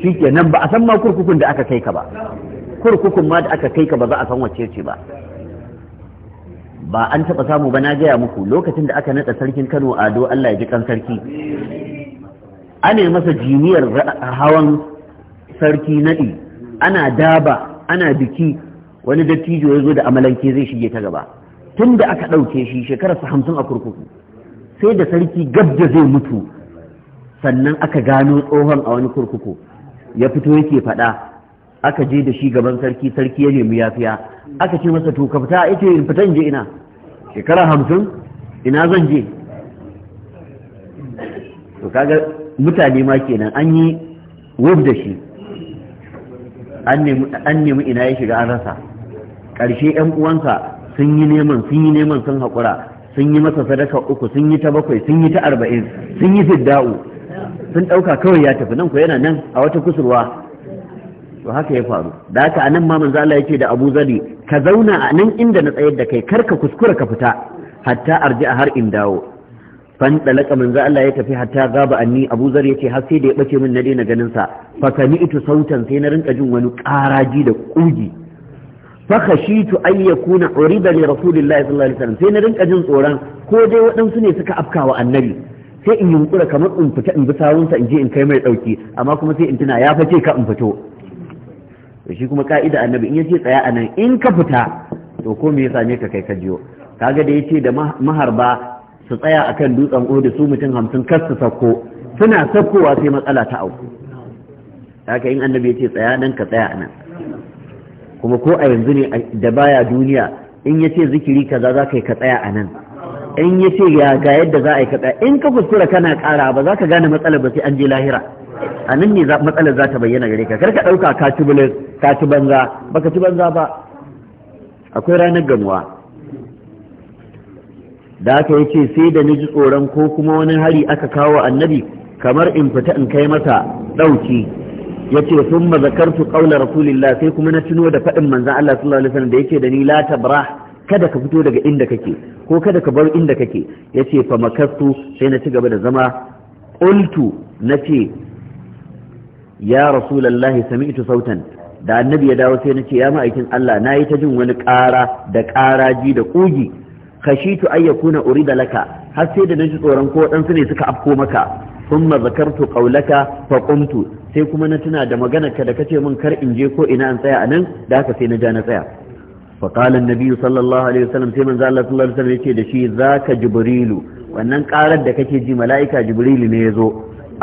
shi nan ba a san ma kurkukun da aka kai ka ba kurkukun ma da aka kai ka ba za a san wacce ce ba ba an taɓa samu ba na gaya muku lokacin da aka naɗa sarkin kano ado allah ya ji kan sarki ana masa jiniyar hawan sarki naɗi ana daba ana biki wani dattijo ya zo da amalanke zai shige ta gaba tun da aka ɗauke shi shekararsa hamsin a kurkuku sai da sarki gab da zai mutu sannan aka gano tsohon a wani kurkuku ya fito yake faɗa aka je da shi gaban sarki sarki ya nemi yafiya aka ce masa to ka fita ita in fita je ina shekara hamsin ina zan je to kaga mutane ma kenan an yi wuf da shi an nemi ina ya shiga an rasa ƙarshe 'yan uwansa sun yi neman sun yi neman sun haƙura sun yi masa sadaka uku sun yi ta bakwai sun yi ta arba'in sun yi fidda'u sun ɗauka kawai ya tafi nan ko yana nan a wata kusurwa to haka ya faru da haka anan ma manzo Allah yake da Abu ka zauna a nan inda na tsayar da kai kar ka kuskura ka fita hatta a har in dawo fan dalaka manzo Allah ya tafi hatta gaba anni Abu Zari yace har sai da ya bace min na daina ganin sa fa sami'tu sautan sai na rinka jin wani ƙaraji da kugi fa an yakuna urida li rasulillahi sallallahu alaihi wasallam sai na rinka jin tsoron ko dai waɗansu ne suka afkawa annabi sai in yunkura kamar in fita in bi sawunsa in je in kai mai dauki amma kuma sai in tuna ya fice ka in fito to shi kuma ka'ida annabi in yace tsaya anan in ka fita to ko me yasa ne ka kai ka jiyo kaga da yace da maharba su tsaya akan dutsen ode su mutum hamsin kar su sako suna sakowa sai matsala ta auku haka in annabi yace tsaya nan ka tsaya anan kuma ko a yanzu ne da baya duniya in ya ce zikiri kaza za ka yi ka tsaya a nan in ya ce ya ga yadda za a yi ka tsaya in ka kuskura kana kara ba za ka gane matsalar ba sai an je lahira a nan ne matsalar za ta bayyana gare ka karka ɗauka ka ci ka ci banza ka ci banza ba akwai ranar ganuwa da aka yi ce sai da ni ji tsoron ko kuma wani hari aka kawo annabi kamar in fita in kai masa ɗauki yace thumma zakartu qawla rasulillah sai kuma na tuno da faɗin manzon Allah sallallahu alaihi wasallam da yake da ni la tabrah kada ka fito daga inda kake ko kada ka bar inda kake yace fa makastu sai na ci gaba da zama qultu nace ya rasulullahi sami'tu sautan da annabi ya dawo sai nace ya ma'aikin Allah nayi ta jin wani ƙara da ƙaraji da kugi khashitu ayyakuna urida laka har sai da naji tsoron ko dan ne suka afko maka thumma zakartu qawlaka fa sai kuma na tuna da maganarka da kace min kar in je ko ina an tsaya anan da haka sai na ja na tsaya fa qala annabi sallallahu alaihi sai manzo Allah sallallahu alaihi wasallam yace da shi zaka jibrilu wannan karar da kake ji mala'ika jibrilu ne yazo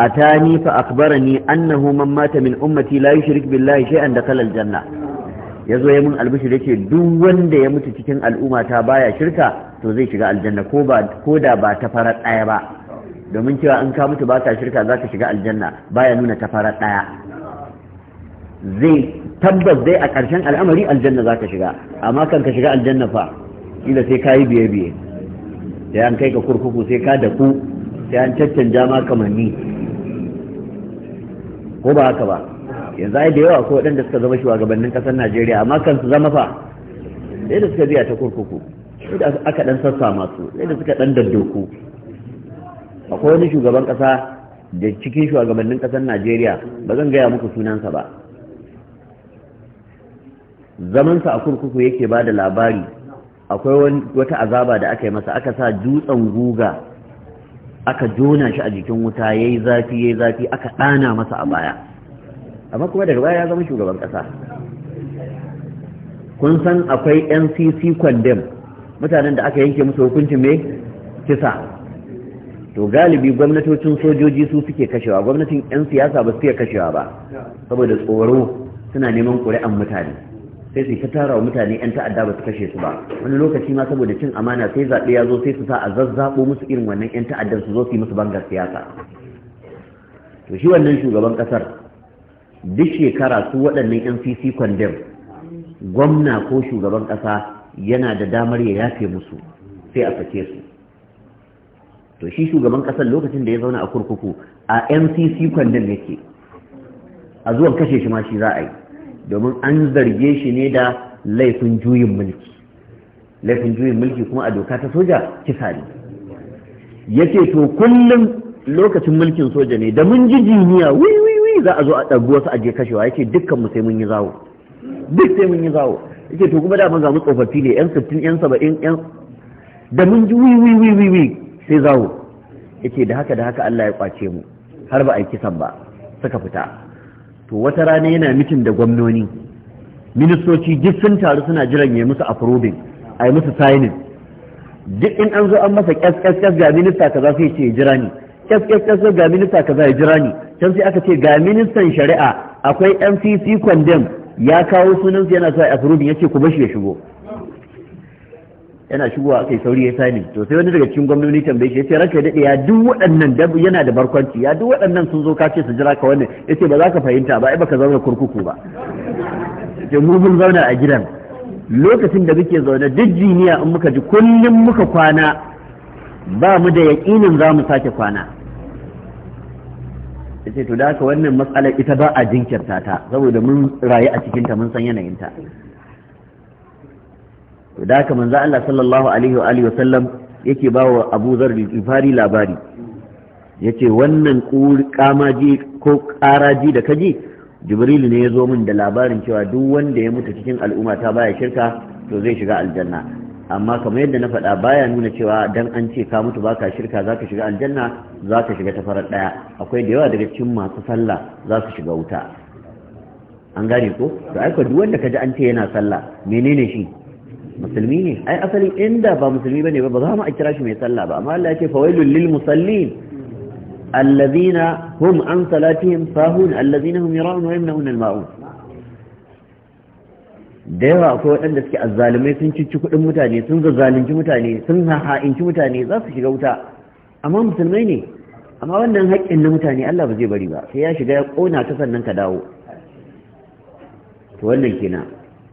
atani fa akhbarani annahu man mata min ummati la yushrik billahi shay'an dakhala aljanna yazo ya mun albishir yace duk wanda ya mutu cikin al'umma ta baya shirka to zai shiga aljanna ko ba ko da ba ta farar daya ba domin cewa in ka mutu baka shirka za ka shiga aljanna baya nuna ta fara ɗaya zai tabbas dai a ƙarshen al'amari aljanna za ka shiga amma kan ka shiga aljanna fa ila sai ka yi biye-biye sai an kai ka kurkuku sai ka daku sai an caccanja ma kamanni ko ba haka ba yanzu ai da yawa ko waɗanda suka zama shugabannin ƙasar najeriya amma kan su zama fa sai da suka biya ta kurkuku sai da aka ɗan sassa masu sai da suka ɗan daddoku akwai wani shugaban kasa da cikin shugabannin kasar najeriya ba zan gaya muku sunansa ba zamansa a kurkuku yake ba da labari akwai wata azaba da aka yi masa aka sa dutsen guga aka jona shi a jikin wuta ya yi zafi ya yi zafi aka ɗana masa a baya amma kuma daga baya ya zama shugaban ƙasa kun san akwai ncc condemn mutanen da aka yanke musu hukuncin mai kisa to galibi gwamnatocin sojoji su suke kashewa gwamnatin 'yan siyasa ba su iya kashewa ba saboda tsoro suna neman ƙuri'an mutane sai su tara wa mutane 'yan ta'adda ba su kashe su ba wani lokaci ma saboda cin amana sai zaɓe ya zo sai su sa a zazzaɓo musu irin wannan 'yan ta'addan su zo su yi musu bangar siyasa to shi wannan shugaban kasar duk shekara su waɗannan 'yan cc kwandem gwamna ko shugaban ƙasa yana da damar ya yafe musu sai a sake su to shi shugaban kasar lokacin da ya zauna a kurkuku a mcc kwandon yake a zuwan kashe shi ma shi za a yi domin an zarge shi ne da laifin juyin mulki laifin juyin mulki kuma a doka ta soja kisa ne Yake to kullum lokacin mulkin soja ne da mun ji jiniya wiwiwi za a zo a ɗagu wasu aje kashewa yake dukkanmu sai mun yi zawo duk sai mun yi zawo yake to kuma da mun zamu tsofaffi ne yan sittin yan saba'in yan da mun ji wi wi wi wi sai zawo yake da haka da haka Allah ya kwace mu har ba a yi kisan ba suka fita to wata rana yana mitin da gwamnoni ministoci duk sun taru suna jiran ya musu approving a musu signing duk in an zo an masa kyas kyas kyas ga minista kaza sai ce jira ni kyas ga minista kaza ya jira ni can sai aka ce ga ministan shari'a akwai MCC condemn ya kawo sunansa yana sa approving yace ku bashi ya shigo yana shigowa kai sauri ya sani to sai wani daga cikin gwamnati tambaye shi yace ranka dade ya duk waɗannan da yana da barkwanci ya duk waɗannan sun zo kace su jira ka wannan yace ba za ka fahimta ba ai baka zauna kurkuku ba yace mu mun zauna a gidan lokacin da muke zaune duk jiniya in muka ji kullum muka kwana ba mu da yaƙinin za mu sake kwana yace to da haka wannan matsalar ita ba a jinkirta ta saboda mun rayu a cikinta mun san yanayin ta. to da haka manzo Allah sallallahu alaihi wa alihi yake bawa Abu Zar al-Ghifari labari yace wannan kamaji ko karaji da kaji Jibril ne ya zo min da labarin cewa duk wanda ya mutu cikin al'umma ta baya shirka to zai shiga aljanna amma kamar yadda na faɗa baya nuna cewa dan an ce ka mutu baka shirka zaka shiga aljanna zaka shiga ta farar daya akwai da yawa daga cikin masu sallah za su shiga wuta an gane ko to ai duk wanda kaji an ce yana sallah menene shi musulmi ne ai asali inda ba musulmi bane ba ba za mu a kira shi mai sallah ba amma Allah ya ce fawailul lil musallin allazina hum an salatihim sahun allazina hum wa al ma'un da yawa akwai waɗanda suke azzalumai sun cici kuɗin mutane sun zazzalunci mutane sun ha'inci mutane za su shiga wuta amma musulmai ne amma wannan haƙƙin na mutane Allah ba zai bari ba sai ya shiga ya ƙona ta sannan ka dawo to wannan kenan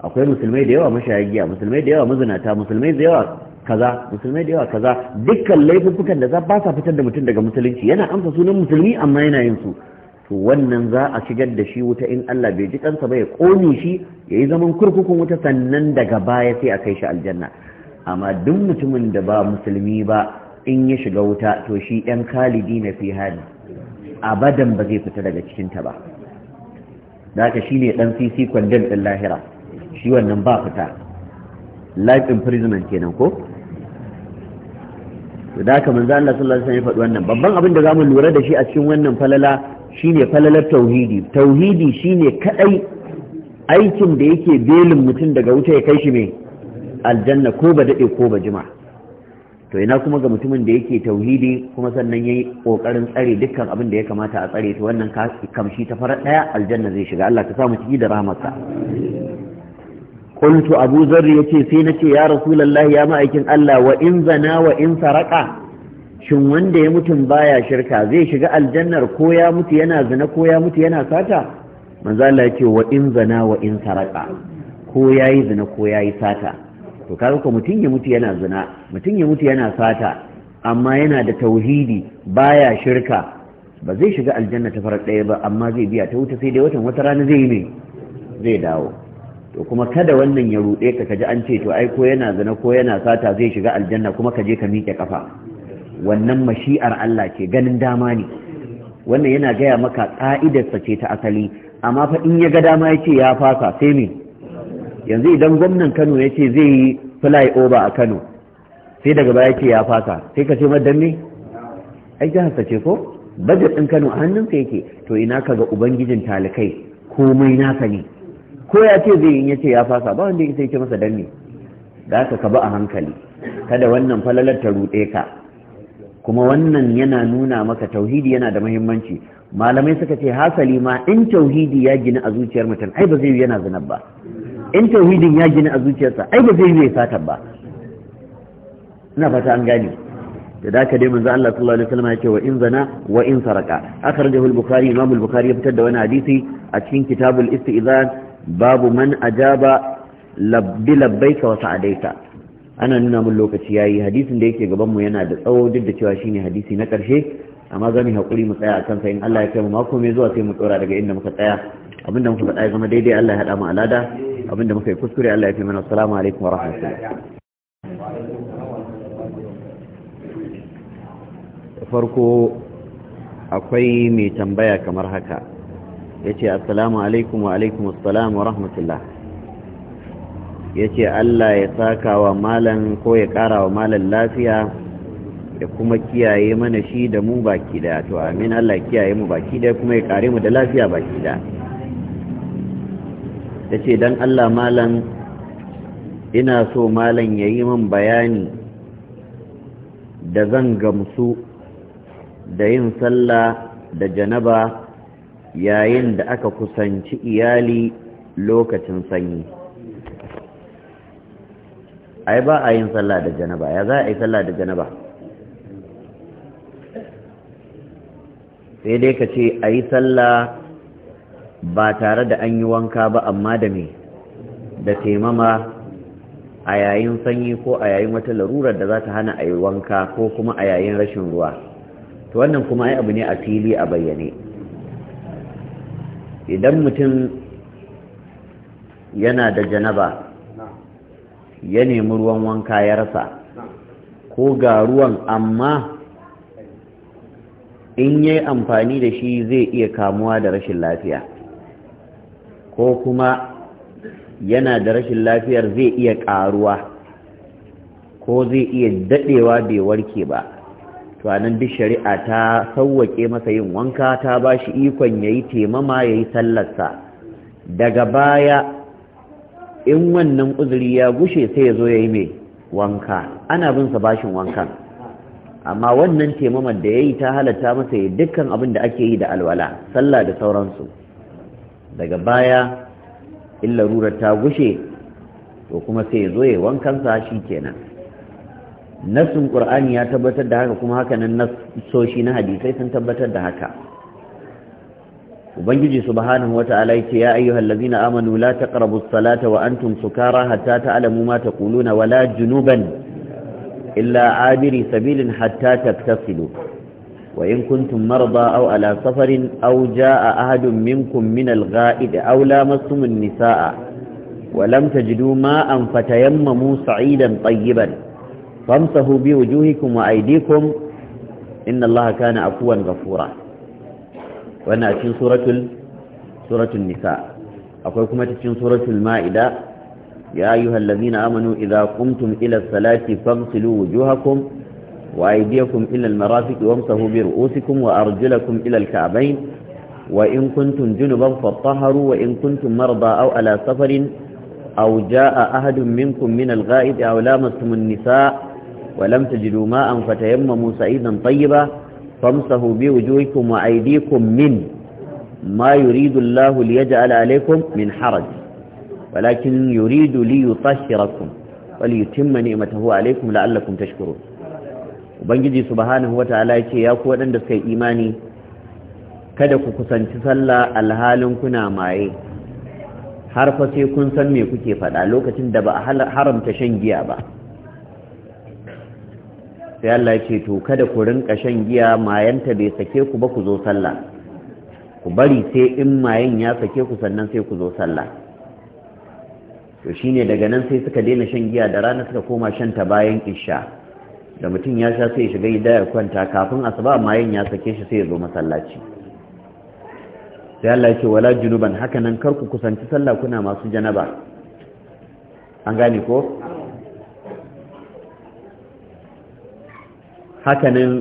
akwai musulmai da yawa mashayagiya musulmai da yawa mazinata musulmai da yawa kaza musulmai da yawa kaza dukkan laifukan da za ba sa fitar da mutum daga musulunci yana amsa sunan musulmi amma yana yin su to wannan za a shigar da shi wuta in Allah bai ji kansa ba ya kone shi ya yi zaman kurkukun wuta sannan daga baya sai a kai shi aljanna amma duk mutumin da ba musulmi ba in ya shiga wuta to shi ɗan kalidi na fi hali abadan ba zai fita daga cikinta ba da haka shi ne ɗan sisi kwandon ɗin lahira shi wannan ba fita life imprisonment kenan ko to da haka manzo Allah sallallahu alaihi wasallam ya faɗi wannan babban abin da zamu lura da shi a cikin wannan falala shine falalar tauhidi tauhidi shine kadai aikin da yake belin mutum daga wuta ya kai shi mai aljanna ko ba dade ko ba jima to ina kuma ga mutumin da yake tauhidi kuma sannan yayi kokarin tsare dukkan abin da ya kamata a tsare to wannan kamshi ta farar daya aljanna zai shiga Allah ka sa mu ciki da rahmarsa qultu abu zarri yace sai nace ya rasulullahi ya ma'aikin Allah wa in zana wa in saraka shin wanda ya mutum baya shirka zai shiga aljannar ko ya mutu yana zina ko ya mutu yana sata manzo Allah yace wa in zana wa in saraka ko yayi zina ko yayi sata to kaga ko mutum ya mutu yana zina mutum ya mutu yana sata amma yana da tauhidi baya shirka ba zai shiga aljanna ta farar ɗaya ba amma zai biya ta wuta sai dai watan wata rana zai yi ne zai dawo to kuma kada wannan ya ruɗe ka kaji an ce to ai ko yana zina ko yana sata zai shiga aljanna kuma kaje ka miƙe kafa wannan mashi'ar Allah ce ganin dama ne wannan yana gaya maka ƙa'idarsa ce ta asali amma fa in ya ga dama ya ce ya fasa sai me yanzu idan gwamnan Kano ya ce zai yi fly over a Kano sai daga baya ce ya fasa sai ka ce madan me ai ce ko budget ɗin Kano a hannunsa yake to ina kaga ubangijin talikai komai naka ne ko ya ce zai yi ya ce ya fasa ba wanda sai ce masa danne da aka ka a hankali kada wannan falalar ta ruɗe ka kuma wannan yana nuna maka tauhidi yana da muhimmanci malamai suka ce hasali ma in tauhidi ya gina a zuciyar mutum ai ba zai yi yana zinab ba in tauhidin ya gina a zuciyarsa ai ba zai yi satan ba ina fata an gane da daka dai manzo Allah sallallahu alaihi wasallam yake wa in zana wa in saraka akhrajahu al-bukhari imam al-bukhari ya fitar da wani hadisi a cikin kitabul istizan babu man ajaba labbi labbaika wa sa'adaita ana nuna mun lokaci yayi hadisin da yake gaban mu yana da tsawo duk da cewa shine hadisi na karshe amma zan hakuri mu tsaya akan sa in Allah ya kai mu mako mai zuwa sai mu tsora daga inda muka tsaya abinda muka faɗa ya zama daidai Allah ya haɗa mu alada abinda muka yi kuskure Allah ya fi mana assalamu alaikum wa rahmatullahi farko akwai mai tambaya kamar haka ya ce assalamu alaikum wa alaikum assalam wa rahmatullah ya ce Allah ya saka wa malan ko ya kara wa malan lafiya ya kuma kiyaye mana shi da mu baki daya to amin Allah kiyaye mu baki daya kuma ya kare mu da lafiya baki daya ya ce don Allah malan ina so malan ya yi min bayani da zan gamsu da yin sallah da janaba yayin da aka kusanci iyali lokacin sanyi ai ba a yin sallah da janaba ya za a yi sallah da janaba sai dai ka ce a yi sallah ba tare da an yi wanka ba amma da me da taimama a yayin sanyi ko a yayin wata larurar da za ta hana a yi wanka ko kuma a yayin rashin ruwa to wannan kuma ai abu ne a fili a bayyane idan mutum yana da janaba ya nemi ruwan wanka ya rasa ko ga ruwan amma in yi amfani da shi zai iya kamuwa da rashin lafiya ko kuma yana da rashin lafiyar zai iya karuwa ko zai iya daɗewa bai warke ba to anan duk shari'a ta sauwake masa yin wanka ta ba shi ikon ya yi temama ya yi sallarsa daga baya in wannan uzuri ya gushe sai ya zo ya yi mai wanka ana bin sa bashin wankan amma wannan temaman da ya yi ta halatta masa ya dukkan abin da ake yi da alwala sallah da sauransu daga baya in larurar ta gushe to kuma sai ya zo ya wankansa shi kenan nassin ƙur'ani ya tabbatar da haka kuma haka nassoshi na hadisai sun tabbatar da haka ubangiji subhanahu wata'ala yace ya ayyuhallazina amanu la taqrabus salata wa antum sukara hatta ta'lamu ma taquluna wala junuban illa abiri sabilin hatta taktasilu وإن كنتم ala safarin على سفر أو جاء أحد منكم من الغائد أو nisa'a النساء ولم تجدوا ماء فتيمموا sa'idan طيبا famsahu bi wujuhikum wa aydikum inna allaha kana afuwan ghafura wannan a cikin suratul suratul nisa akwai kuma cin suratul ma'ida ya ayyuhal ladina amanu idza qumtum ila salati famsilu wujuhakum wa aydiyakum ila al-marafiq wamsahu bi ru'usikum wa arjulakum ila al wa in junuban fatahharu wa in kuntum ala safarin أو جاء أحد منكم من الغائب أو لامستم النساء ولم تجدوا ماء فتيمموا سعيدا طيبا فامسحوا بوجوهكم وأيديكم من ما يريد الله ليجعل عليكم من حرج ولكن يريد ليطهركم وليتم نعمته عليكم لعلكم تشكرون ubangiji subhanahu wataala yace ya ku waɗanda suka yi imani kada ku kusanci sallah alhalin kuna maye har fa sai kun san me kuke faɗa lokacin da ba haramta shan giya ba sai Allah ya ce to kada ku rinka shan giya mayanta bai sake ku ba ku zo sallah ku bari sai in mayan ya sake ku sannan sai ku zo sallah to shine daga nan sai suka daina shan giya da rana suka koma shan ta bayan isha da mutum ya sha sai shiga gida ya kwanta kafin asuba mayan ya sake shi sai ya zo masallaci sai Allah ya ce wala junuban haka nan kar ku kusanci sallah kuna masu janaba an gane ko hakanan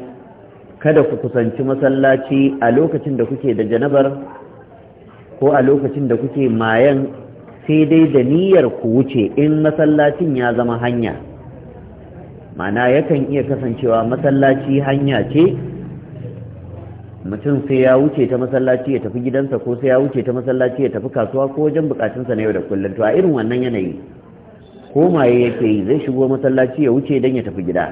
kada ku kusanci masallaci a lokacin da kuke da janabar ko a lokacin da kuke mayan sai dai da niyyar ku wuce in masallacin ya zama hanya mana yakan iya kasancewa masallaci hanya ce mutum sai ya wuce ta masallaci ya tafi gidansa ko sai ya wuce ta masallaci ya tafi kasuwa ko wajen bukatunsa na yau da kullum to a irin wannan yanayi ko maye yake yi zai shigo masallaci ya wuce don ya tafi gida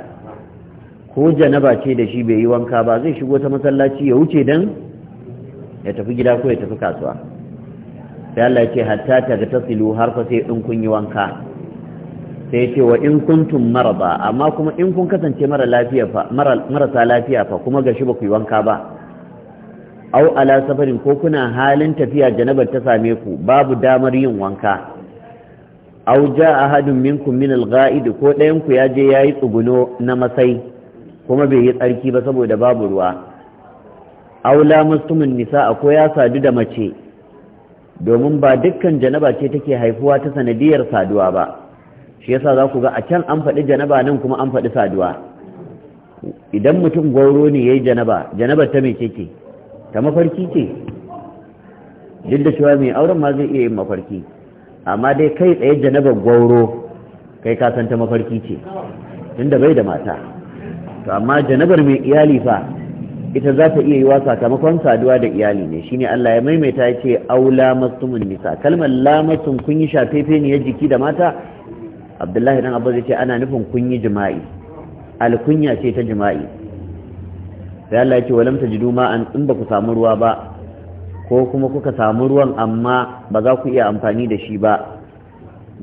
ko janaba ce da shi bai yi wanka ba zai shigo ta masallaci ya wuce dan ya tafi gida ko ya tafi kasuwa sai Allah ce hatta ta ga tasilu har fa sai in kun yi wanka sai ce wa in kuntum marada amma kuma in kun kasance mara lafiya fa marasa lafiya fa kuma ga shi ba ku yi wanka ba au ala safarin ko kuna halin tafiya janabar ta same ku babu damar yin wanka au ja ahadun minkum min al-ghaid ko ɗayan ku ya je yayi tsuguno na masai kuma bai yi tsarki ba saboda babu ruwa aula mustumin nisa ko ya sadu da mace domin ba dukkan janaba ce take haifuwa ta sanadiyar saduwa ba shi yasa za ku ga a can an faɗi janaba nan kuma an faɗi saduwa idan mutum gwauro ne ya yi janaba janabar ta mece ce ta mafarki ce duk da cewa mai auren ma zai iya yin mafarki amma dai kai tsaye janabar gwauro kai ka san ta mafarki ce tunda bai da mata to amma janabar mai iyali fa ita za ta iya yi wa sakamakon saduwa da iyali ne shine Allah ya maimaita ya ce aula masumun nisa kalmar lamatun kun yi shafefe ne ya jiki da mata abdullahi dan abu zai ce ana nufin kun yi jima'i alkunya ce ta jima'i sai Allah ya ce walam tajidu ma an in ba ku samu ruwa ba ko kuma kuka samu ruwan amma ba za ku iya amfani da shi ba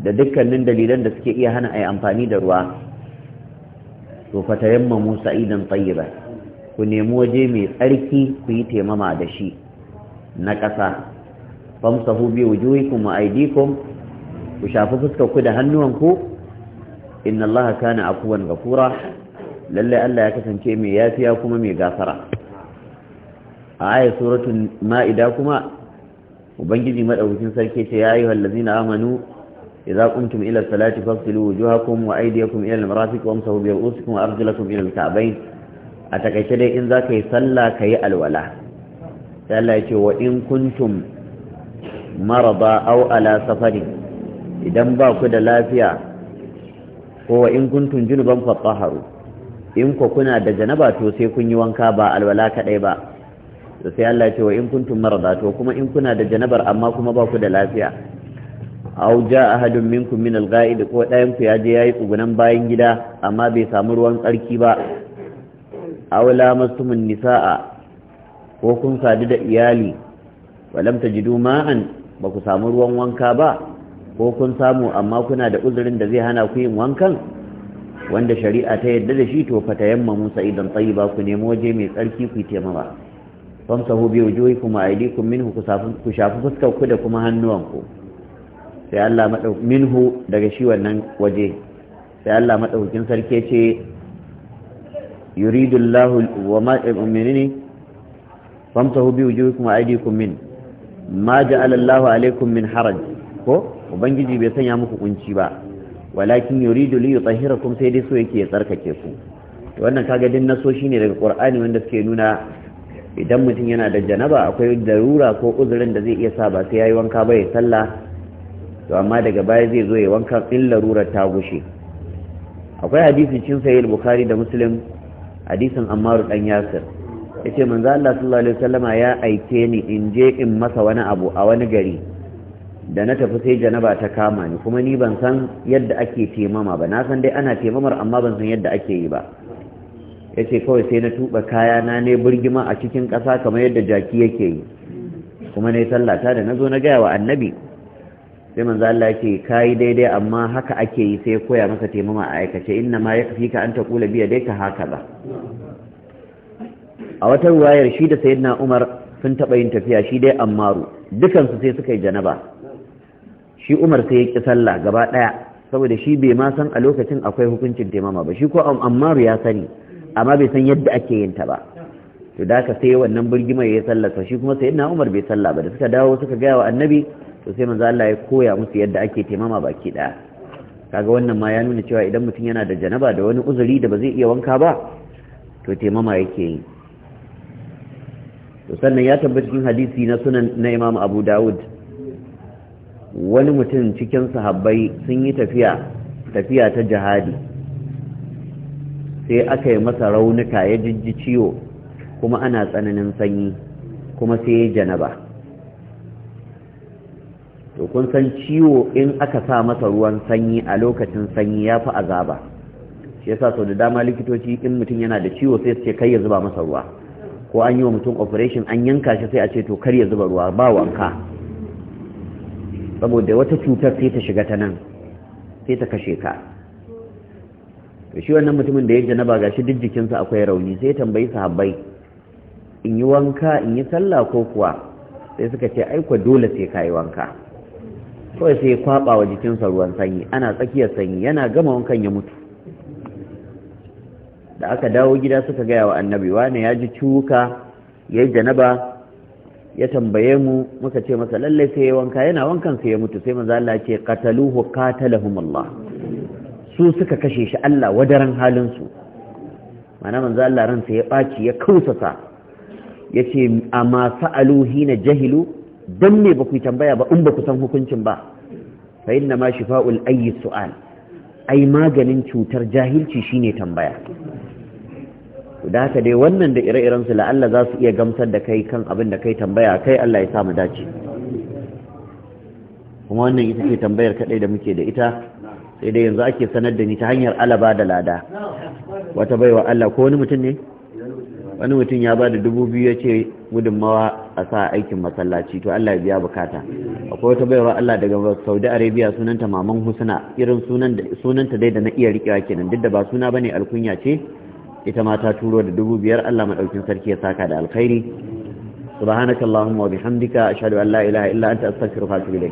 da dukkanin dalilan da suke iya hana a amfani da ruwa to fa tayammamu sa'idan ba ku nemi waje mai tsarki ku yi taimama da shi na ƙasa famsahu bi wujuhikum wa aydikum ku shafi fuskar ku da ku inna Allah kana akuwan kura lalle Allah ya kasance mai yafiya kuma mai gafara a ayat suratul ma'ida kuma ubangiji madaukakin sarki ce ya ayyuhallazina amanu إذا قمتم إلى الصلاة فاغسلوا وجوهكم وأيديكم إلى المرافق وامسحوا برؤوسكم وأرجلكم إلى الكعبين أتكيش دي إن ذاك يصلى كي الولاء سألا يتي وإن كنتم مرضى أو على سفر إذا لا دلافيا هو إن كنتم جنبا فطهروا إن كنا دجنبا da janaba to sai kun yi wanka ba alwala kadai ba sai Allah ya ce wa in kuntum marada to aw ja ahadun minkum min al-ga'id ko dayan ku ya je yayi tsugunan bayan gida amma bai samu ruwan tsarki ba aw lamastumun nisaa ko kun sadu da iyali walam tajidu ma'an ba ku samu ruwan wanka ba ko kun samu amma kuna da uzurin da zai hana ku yin wankan wanda shari'a ta yadda da shi to fatayamma musa idan tayyiba ku nemo waje mai tsarki ku taimaka famsahu bi wujuhikum wa aydikum minhu ku shafi fuskar ku da kuma hannuwanku ku sai Allah madaukakin minhu daga shi wannan waje sai Allah madaukakin sarki ce yuridu Allah wa ma eh, ne. famtahu bi wujuhikum wa aydikum min ma ja'ala Allah min haraj ko ubangiji bai sanya muku kunci ba walakin yuridu li yutahhirakum sai dai so yake ya tsarkake ku wannan kaga din naso ne daga Qur'ani wanda suke nuna idan mutum yana da janaba akwai darura ko uzurin da zai iya sa ba sai yi wanka ba ya sallah to amma daga baya zai zo ya wanka in larurar ta gushe akwai hadisi cin sahih bukhari da muslim hadisin ammaru dan yasir yace manzo Allah sallallahu alaihi wasallama ya aike ni in je in masa wani abu a wani gari da na tafi sai janaba ta kama ni kuma ni ban san yadda ake temama ba na san dai ana temamar amma ban san yadda ake yi ba yace kawai sai na tuba kaya na ne birgima a cikin ƙasa kamar yadda jaki yake yi kuma na sallata da na zo na gaya wa annabi sai manzo Allah yake kai daidai amma haka ake yi sai koya maka taimama a aikace inna ma yakfika an dai ka haka ba a wata ruwayar shi da sayyidina Umar sun taba yin tafiya shi dai Ammaru dukan su sai suka yi janaba shi Umar sai ya ki sallah gaba daya saboda shi bai ma san a lokacin akwai hukuncin taimama ba shi ko Ammaru ya sani amma bai san yadda ake yin ta ba to da ka sai wannan birgimar ya sallasa shi kuma sayyidina Umar bai salla ba da suka dawo suka gaya wa annabi to sai manzo Allah ya koya musu yadda ake taimama baki daya kaga wannan ma ya nuna cewa idan mutum yana da janaba da wani uzuri da ba zai iya wanka ba to taimama yake yi to sannan ya tabbata cikin hadisi na sunan na Imam Abu Dawud wani mutum cikin sahabbai sun yi tafiya tafiya ta jihadi sai aka yi masa raunuka ya jijji ciwo kuma ana tsananin sanyi kuma sai ya janaba to kun san ciwo in aka sa masa ruwan sanyi a lokacin sanyi ya fi azaba shi yasa sau da dama likitoci in mutum yana da ciwo sai su ce kai ya zuba masa ruwa ko an yi wa mutum operation an yanka shi sai a ce to kar ya zuba ruwa ba wanka saboda wata cutar sai ta shiga ta nan sai ta kashe ka to shi wannan mutumin da ya janaba gashi duk jikinsa akwai rauni sai tambayi sahabbai in yi wanka in yi sallah ko kuwa sai suka ce ai dole sai ka yi wanka kawai sai ya kwaba wa jikinsa ruwan sanyi ana tsakiyar sanyi yana gama wankan ya mutu da aka dawo gida suka gaya wa annabi wane ya ji cuka ya yi janaba ya tambaye mu muka ce masa lallai sai ya wanka yana wankan sai ya mutu sai manzo Allah ce qataluhu qatalahum Allah su suka kashe shi Allah wadaran halin su mana manzo Allah sai ya baci ya kausasa yace amma sa'alu hina jahilu don ne ba ku tambaya ba in ba ku san hukuncin ba fa inna ma shifa'ul ayyi su'al ai maganin cutar jahilci shine tambaya da haka dai wannan da ire-iren su la'alla za su iya gamsar da kai kan abin da kai tambaya kai Allah ya sa mu dace kuma wannan ita ce tambayar kadai da muke da ita sai dai yanzu ake sanar da ni ta hanyar alaba da lada wata baiwa Allah ko wani mutum ne wani mutum ya ba da dubu biyu ya ce gudunmawa a sa aikin masallaci to Allah ya biya bukata akwai wata baiwa Allah daga Saudi Arabia sunanta maman Husna irin sunan sunanta dai da na iya rikewa kenan duk da ba suna bane alkunya ce ita ma ta turo da dubu biyar Allah madaukin sarki ya saka da alkhairi subhanakallahumma wa bihamdika ashhadu an la ilaha illa anta astaghfiruka wa atubu ilayk